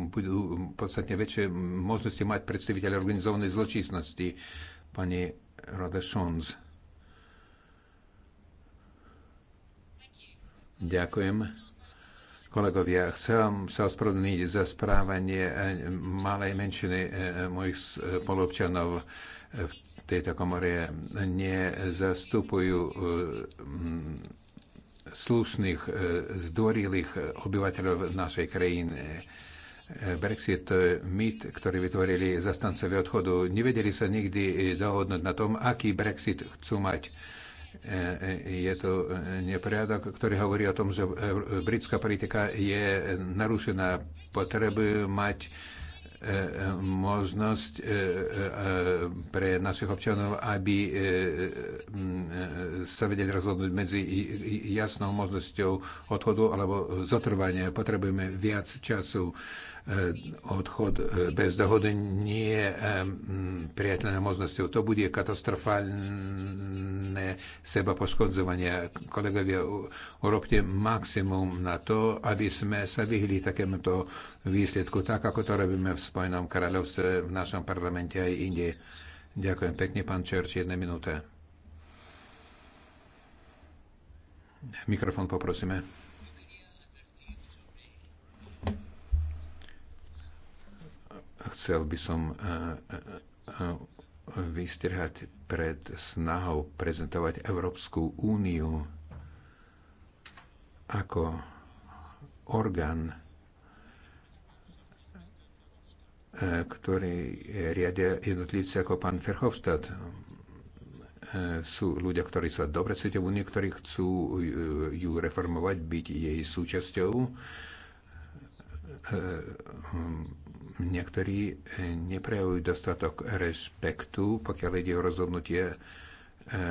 budú podstatne väčšie možnosti mať predstaviteľe organizovanej zločinnosti. Pani Rada Šons. Ďakujem. Kolegovia, chcem sa ospravedlniť za správanie e, malej menšiny e, mojich e, spolobčanov v tejto komore. Nezastupujú slušných, zdvorilých obyvateľov našej krajiny. Brexit mýt, ktorý vytvorili zastancovia odchodu, nevedeli sa nikdy dohodnúť na tom, aký Brexit chcú mať. E, e, je to e, nepriadok, ktorý hovorí o tom, že britská politika je narušená. Potrebujú mať možnosť pre našich občanov, aby sa vedeli rozhodnúť medzi jasnou možnosťou odchodu alebo zotrvania. Potrebujeme viac času E, odchod e, bez dohody nie je e, priateľnou možnosťou. To bude katastrofálne seba poškodzovanie. Kolegovia, urobte maximum na to, aby sme sa vyhli takémuto výsledku, tak ako to robíme v Spojenom kráľovstve, v našom parlamente aj inde. Ďakujem pekne, pán Čerč, jedna minúta. Mikrofón poprosíme. Chcel by som e, e, e, vystrihať pred snahou prezentovať Európsku úniu ako orgán, ktorý riadia jednotlivci ako pán Verhofstadt. Sú ľudia, ktorí sa dobre cítia v Unii, ktorí chcú ju reformovať, byť jej súčasťou Niektorí e, neprejavujú dostatok rešpektu, pokiaľ ide o rozhodnutie e, e,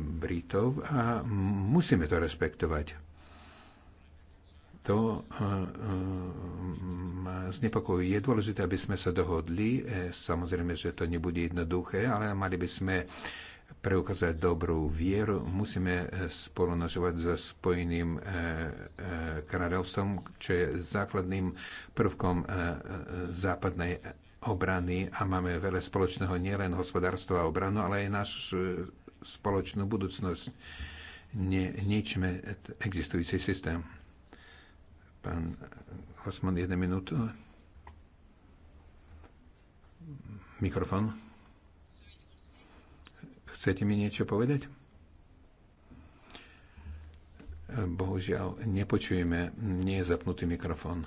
Britov a musíme to rešpektovať. To ma znepokojí. Je dôležité, aby sme sa dohodli. Samozrejme, že to nebude jednoduché, ale mali by sme preukázať dobrú vieru, musíme eh, spolu nažovať so Spojeným eh, eh, kráľovstvom, čo je základným prvkom západnej obrany a máme veľa spoločného nielen hospodárstvo a obranu, ale aj našu spoločnú budúcnosť. Ne, ničme existujúci systém. Pán Osman, jednu minútu. Mikrofón. Chcete mi niečo povedať? Bohužiaľ, nepočujeme, nie je zapnutý mikrofón.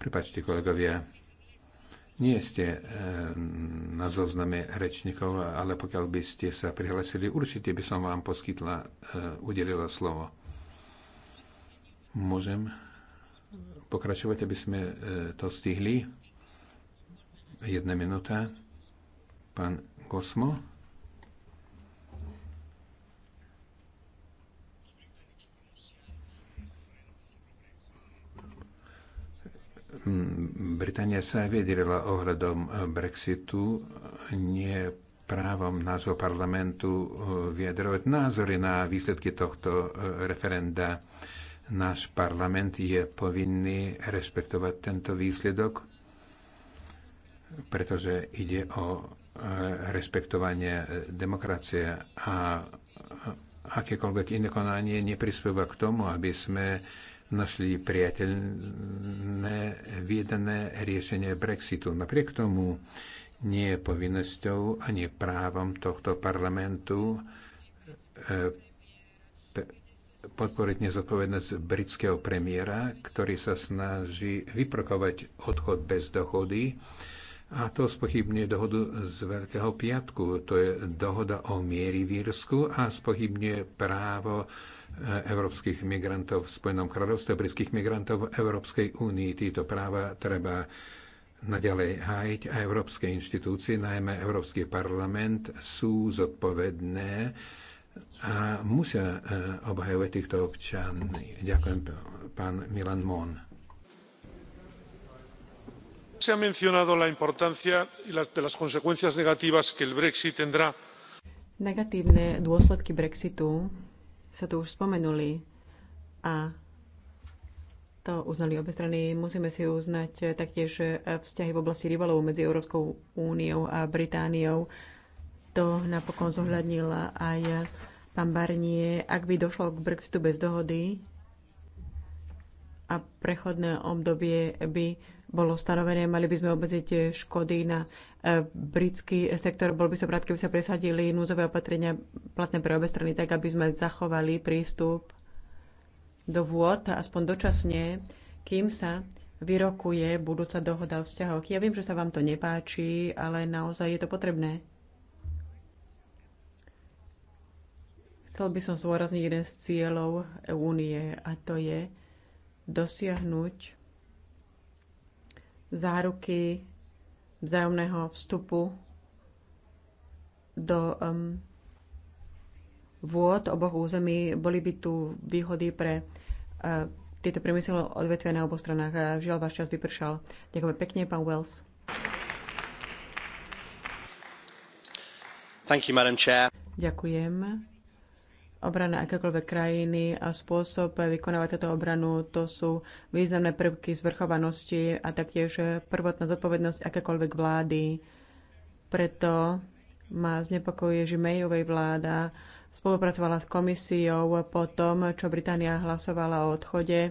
Prepačte, kolegovia, nie ste eh, na zozname rečníkov, ale pokiaľ by ste sa prihlasili, určite by som vám poskytla, eh, udelila slovo. Môžem? pokračovať, aby sme e, to stihli. Jedna minúta. Pán Gosmo. Mm, Británia sa vyjadrila ohľadom e, Brexitu, nie právom nášho parlamentu e, vyjadrovať názory na výsledky tohto referenda. Náš parlament je povinný rešpektovať tento výsledok, pretože ide o e, rešpektovanie demokracie a akékoľvek iné konanie neprispieva k tomu, aby sme našli priateľné viedené riešenie Brexitu. Napriek tomu nie je povinnosťou ani právom tohto parlamentu e, podporiť nezodpovednosť britského premiéra, ktorý sa snaží vyprokovať odchod bez dohody a to spochybňuje dohodu z Veľkého piatku. To je dohoda o miery v Írsku a spochybňuje právo eh, európskych migrantov v Spojenom kráľovstve, britských migrantov v Európskej únii. Títo práva treba naďalej hájiť a európske inštitúcie, najmä Európsky parlament, sú zodpovedné a musia e, obhajovať týchto občanov. Ďakujem, pán Milan Mon. Se ha mencionado la importancia de las consecuencias negativas que el Brexit tendrá. Negatívne dôsledky Brexitu sa tu už spomenuli a to uznali obe strany. Musíme si uznať e, taktiež e, vzťahy v oblasti rivalov medzi Európskou úniou a Britániou to napokon zohľadnil aj pán barnie. Ak by došlo k Brexitu bez dohody a prechodné obdobie by bolo stanovené, mali by sme obmedziť škody na e, britský sektor. Bol by sa rád, keby sa presadili núzové opatrenia platné pre obe strany, tak aby sme zachovali prístup do vôd, aspoň dočasne, kým sa vyrokuje budúca dohoda o vzťahoch. Ja viem, že sa vám to nepáči, ale naozaj je to potrebné. Chcel by som zôrazniť jeden z cieľov únie a to je dosiahnuť záruky vzájomného vstupu do um, vôd oboch území. Boli by tu výhody pre uh, tieto priemyselné odvetvia na oboch stranách. žiaľ, váš čas vypršal. Ďakujem pekne, pán Wells. Thank you, Madam Chair. Ďakujem Obrana akékoľvek krajiny a spôsob vykonávať túto obranu, to sú významné prvky zvrchovanosti a taktiež prvotná zodpovednosť akékoľvek vlády. Preto ma znepokojuje, že Mayovej vláda spolupracovala s komisiou po tom, čo Británia hlasovala o odchode,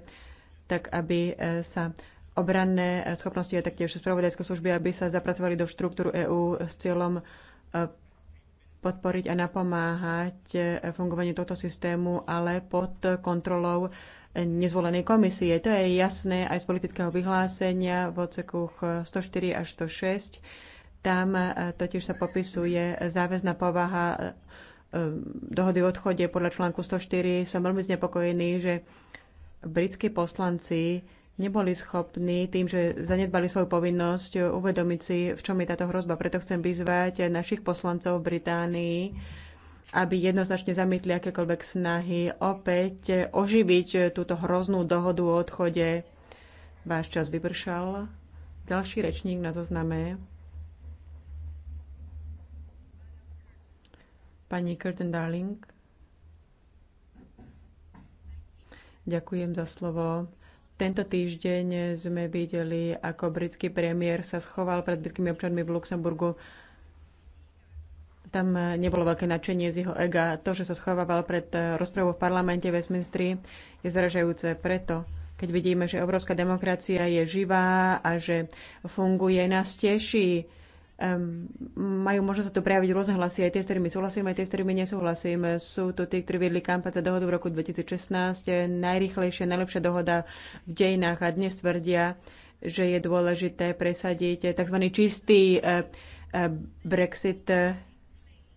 tak aby e, sa obranné e, schopnosti a taktiež spravodajské služby, aby sa zapracovali do štruktúru EÚ s cieľom e, podporiť a napomáhať fungovanie tohto systému, ale pod kontrolou nezvolenej komisie. To je jasné aj z politického vyhlásenia v odsekuch 104 až 106. Tam e, totiž sa popisuje záväzná povaha e, dohody o odchode podľa článku 104. Som veľmi znepokojený, že britskí poslanci neboli schopní tým, že zanedbali svoju povinnosť eh, uvedomiť si, v čom je táto hrozba. Preto chcem vyzvať eh, našich poslancov v Británii, aby jednoznačne zamietli akékoľvek snahy opäť eh, oživiť túto hroznú dohodu o odchode. Váš čas vypršal. Ďalší rečník na zozname. Pani Curtin Darling. Ďakujem za slovo. Tento týždeň sme videli, ako britský premiér sa schoval pred britskými občanmi v Luxemburgu. Tam nebolo veľké nadšenie z jeho ega. To, že sa schovával pred eh, rozprávou v parlamente Westminstri, je zražajúce preto, keď vidíme, že európska demokracia je živá a že funguje, nás teší um, majú možnosť sa to prejaviť rôzne hlasy, aj tie, s ktorými súhlasíme, aj tie, s ktorými nesúhlasíme. Sú to tí, ktorí viedli kampaň za dohodu v roku 2016, najrychlejšia, najlepšia dohoda v dejinách a dnes tvrdia, že je dôležité presadiť tzv. čistý eh, eh, Brexit.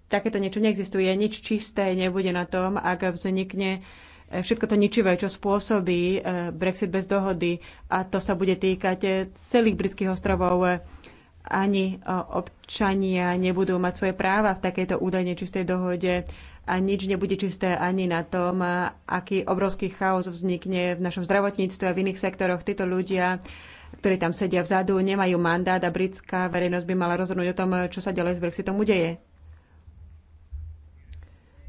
Takéto niečo neexistuje, nič čisté nebude na tom, ak vznikne eh, všetko to ničivé, čo spôsobí Brexit bez dohody a to sa bude týkať celých britských ostrovov ani občania nebudú mať svoje práva v takejto údajne čistej dohode a nič nebude čisté ani na tom, aký obrovský chaos vznikne v našom zdravotníctve a v iných sektoroch. Títo ľudia, ktorí tam sedia vzadu, nemajú mandát a britská verejnosť by mala rozhodnúť o tom, čo sa ďalej s Brexitom udeje.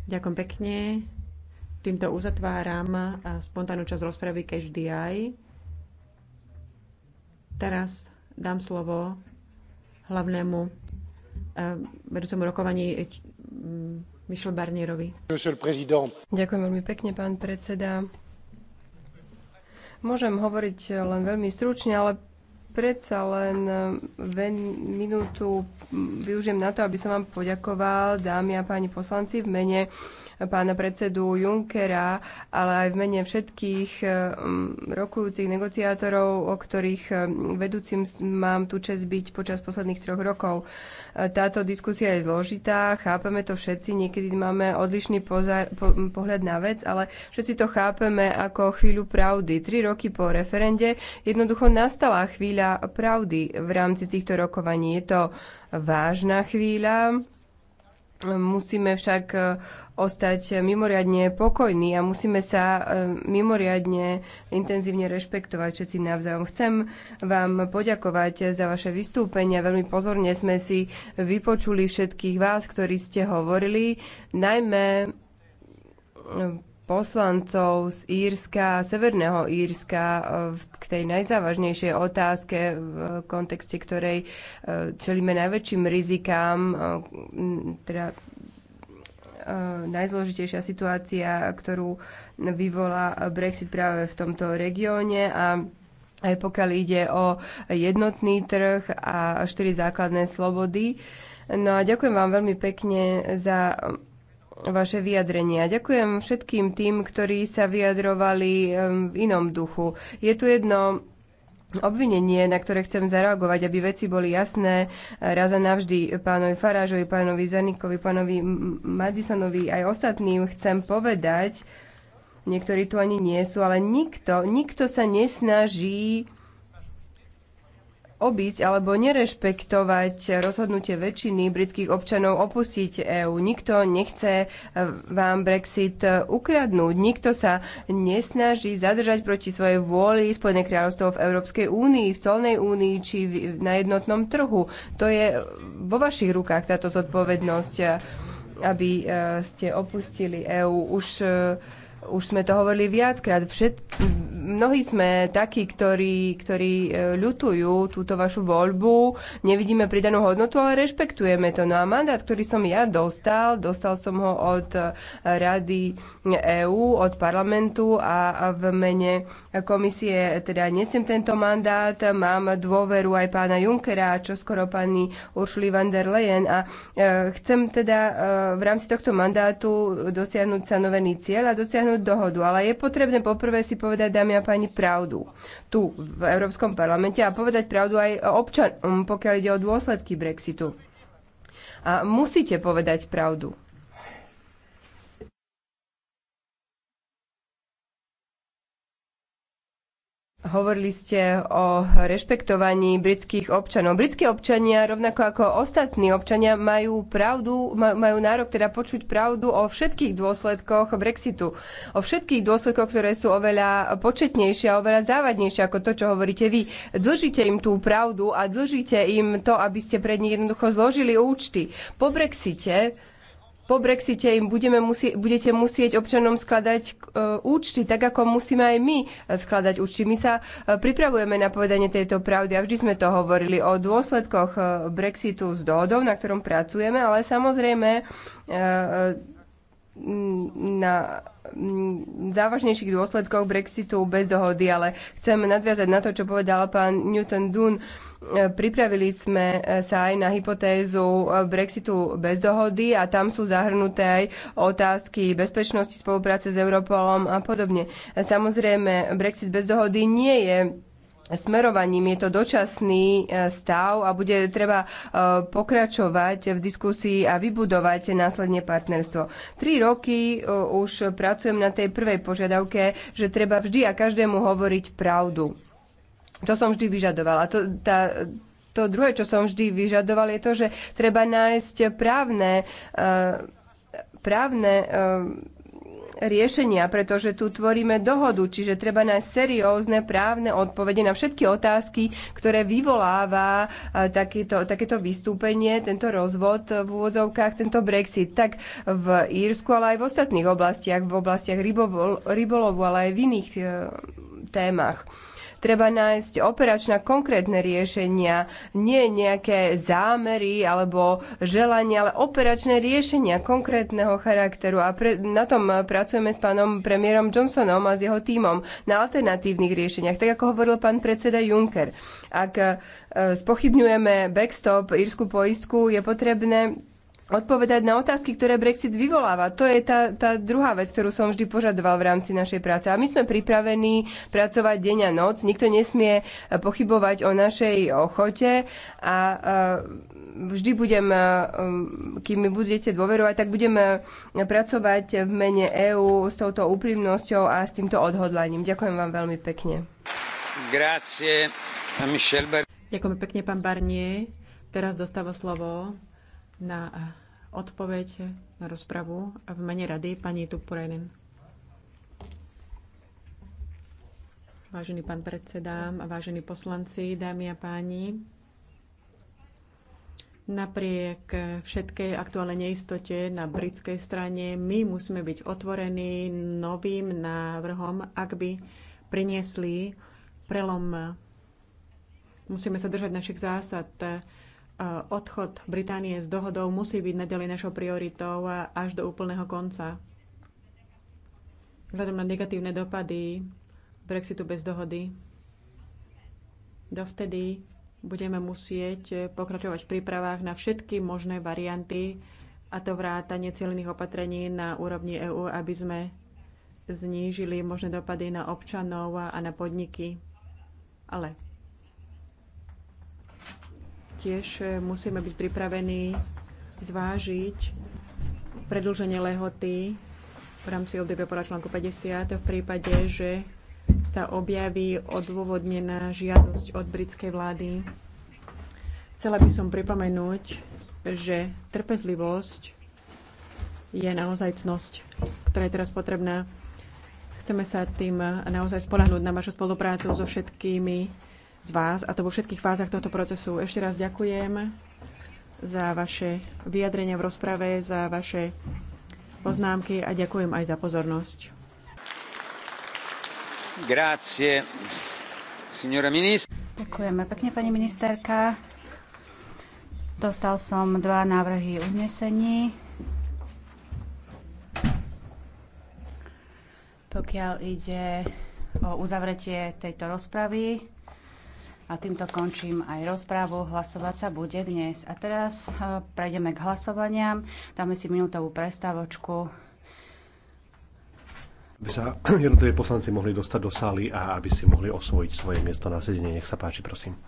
Ďakujem pekne. Týmto uzatváram spontánnu časť rozpravy DI. Teraz dám slovo hlavnému eh, vedúcemu rokovaní eh, mm, Michel Barnierovi. Ďakujem veľmi pekne, pán predseda. Môžem hovoriť eh, len veľmi stručne, ale predsa len ven minútu využijem na to, aby som vám poďakoval, dámy a páni poslanci, v mene pána predsedu Junckera, ale aj v mene všetkých eh, rokujúcich negociátorov, o ktorých eh, vedúcim mám tu čest byť počas posledných troch rokov. Eh, táto diskusia je zložitá, chápeme to všetci, niekedy máme odlišný pozar, po, pohľad na vec, ale všetci to chápeme ako chvíľu pravdy. Tri roky po referende jednoducho nastala chvíľa pravdy v rámci týchto rokovaní. Je to vážna chvíľa, Musíme však e, ostať mimoriadne pokojní a musíme sa e, mimoriadne intenzívne rešpektovať všetci navzájom. Chcem vám poďakovať za vaše vystúpenia. Veľmi pozorne sme si vypočuli všetkých vás, ktorí ste hovorili, najmä e, poslancov z Írska, Severného Írska e, k tej najzávažnejšej otázke v kontexte ktorej e, čelíme najväčším rizikám, e, teda najzložitejšia situácia, ktorú vyvolá Brexit práve v tomto regióne a aj pokiaľ ide o jednotný trh a štyri základné slobody. No a ďakujem vám veľmi pekne za vaše vyjadrenia. Ďakujem všetkým tým, ktorí sa vyjadrovali v inom duchu. Je tu jedno obvinenie, na ktoré chcem zareagovať, aby veci boli jasné raz a navždy pánovi Farážovi, pánovi Zanikovi, pánovi Madisonovi aj ostatným chcem povedať, niektorí tu ani nie sú, ale nikto, nikto sa nesnaží obísť alebo nerešpektovať rozhodnutie väčšiny britských občanov opustiť EÚ. Nikto nechce e, vám Brexit e, ukradnúť. Nikto sa nesnaží zadržať proti svojej vôli Spojené kráľovstvo v Európskej únii, v colnej únii či na jednotnom trhu. To je vo vašich rukách táto zodpovednosť, aby e, ste opustili EÚ. Už už sme to hovorili viackrát, všet, mnohí sme takí, ktorí, ktorí e, ľutujú túto vašu voľbu, nevidíme pridanú hodnotu, ale rešpektujeme to. No a mandát, ktorý som ja dostal, dostal som ho od e, Rady EÚ, od parlamentu a v mene komisie teda nesiem tento mandát, mám dôveru aj pána Junkera, čo skoro pani Uršli van der Leyen a e, chcem teda v rámci tohto mandátu dosiahnuť sa novený cieľ a dosiahnuť dohodu, ale je potrebné poprvé si povedať, dámy a páni, pravdu tu v Európskom parlamente a povedať pravdu aj občanom, pokiaľ ide o dôsledky Brexitu. A musíte povedať pravdu. Hovorili ste o rešpektovaní britských občanov. Britskí občania, rovnako ako ostatní občania, majú pravdu, majú nárok teda počuť pravdu o všetkých dôsledkoch Brexitu. O všetkých dôsledkoch, ktoré sú oveľa početnejšie a oveľa závadnejšie ako to, čo hovoríte vy. Dlžíte im tú pravdu a dlžíte im to, aby ste pred nich jednoducho zložili účty. Po Brexite po Brexite im budeme musie, budete musieť občanom skladať e, účty, tak ako musíme aj my skladať účty. My sa e, pripravujeme na povedanie tejto pravdy a vždy sme to hovorili o dôsledkoch e, Brexitu s dohodou, na ktorom pracujeme, ale samozrejme e, e na mm, závažnejších dôsledkoch Brexitu bez dohody, ale chcem nadviazať na to, čo povedal pán Newton Dunn. E, pripravili sme e, sa aj na hypotézu e, Brexitu bez dohody a tam sú zahrnuté aj otázky bezpečnosti, spolupráce s Europolom a podobne. Samozrejme, Brexit bez dohody nie je smerovaním. Je to dočasný e, stav a bude treba e, pokračovať v diskusii a vybudovať následne partnerstvo. Tri roky e, už pracujem na tej prvej požiadavke, že treba vždy a každému hovoriť pravdu. To som vždy vyžadovala. To, tá, to druhé, čo som vždy vyžadoval, je to, že treba nájsť právne, právne riešenia, pretože tu tvoríme dohodu, čiže treba nájsť seriózne právne odpovede na všetky otázky, ktoré vyvoláva takéto, takéto vystúpenie, tento rozvod v úvodzovkách, tento Brexit, tak v Írsku, ale aj v ostatných oblastiach, v oblastiach rybolovu, ale aj v iných e, témach. Treba nájsť operačná konkrétne riešenia, nie nejaké zámery alebo želania, ale operačné riešenia konkrétneho charakteru. A pre, na tom pracujeme s pánom premiérom Johnsonom a s jeho tímom na alternatívnych riešeniach, tak ako hovoril pán predseda Juncker. Ak e, spochybňujeme backstop, írsku poistku, je potrebné odpovedať na otázky, ktoré Brexit vyvoláva. To je tá, tá druhá vec, ktorú som vždy požadoval v rámci našej práce. A my sme pripravení pracovať deň a noc. Nikto nesmie e, pochybovať o našej ochote a e, vždy budem, e, kým mi budete dôverovať, tak budeme pracovať v mene EÚ s touto úprimnosťou a s týmto odhodlaním. Ďakujem vám veľmi pekne. Grazie, Ďakujem pekne, pán Barnier. Teraz dostáva slovo na odpoveď na rozpravu v mene rady pani Tupurajnen. Vážený pán predseda, vážení poslanci, dámy a páni, napriek všetkej aktuálnej neistote na britskej strane, my musíme byť otvorení novým návrhom, ak by priniesli prelom. Musíme sa držať našich zásad odchod Británie s dohodou musí byť nadalej našou prioritou až do úplného konca. Vzhľadom na negatívne dopady Brexitu bez dohody, dovtedy budeme musieť pokračovať v prípravách na všetky možné varianty, a to vrátanie cieľených opatrení na úrovni EÚ, aby sme znížili možné dopady na občanov a na podniky. Ale taktiež e, musíme byť pripravení zvážiť predlženie lehoty v rámci obdobia podľa článku 50 v prípade, že sa objaví odôvodnená žiadosť od britskej vlády. Chcela by som pripomenúť, že trpezlivosť je naozaj cnosť, ktorá je teraz potrebná. Chceme sa tým naozaj spolahnúť na vašu spoluprácu so všetkými z vás, a to vo všetkých fázach tohto procesu. Ešte raz ďakujem za vaše vyjadrenia v rozprave, za vaše poznámky a ďakujem aj za pozornosť. Grazie, signora minister. Ďakujeme pekne, pani ministerka. Dostal som dva návrhy uznesení. Pokiaľ ide o uzavretie tejto rozpravy, a týmto končím aj rozprávu. Hlasovať sa bude dnes. A teraz e, prejdeme k hlasovaniam. Dáme si minútovú prestávočku. Aby sa jednotliví poslanci mohli dostať do sály a aby si mohli osvojiť svoje miesto na sedenie. Nech sa páči, prosím.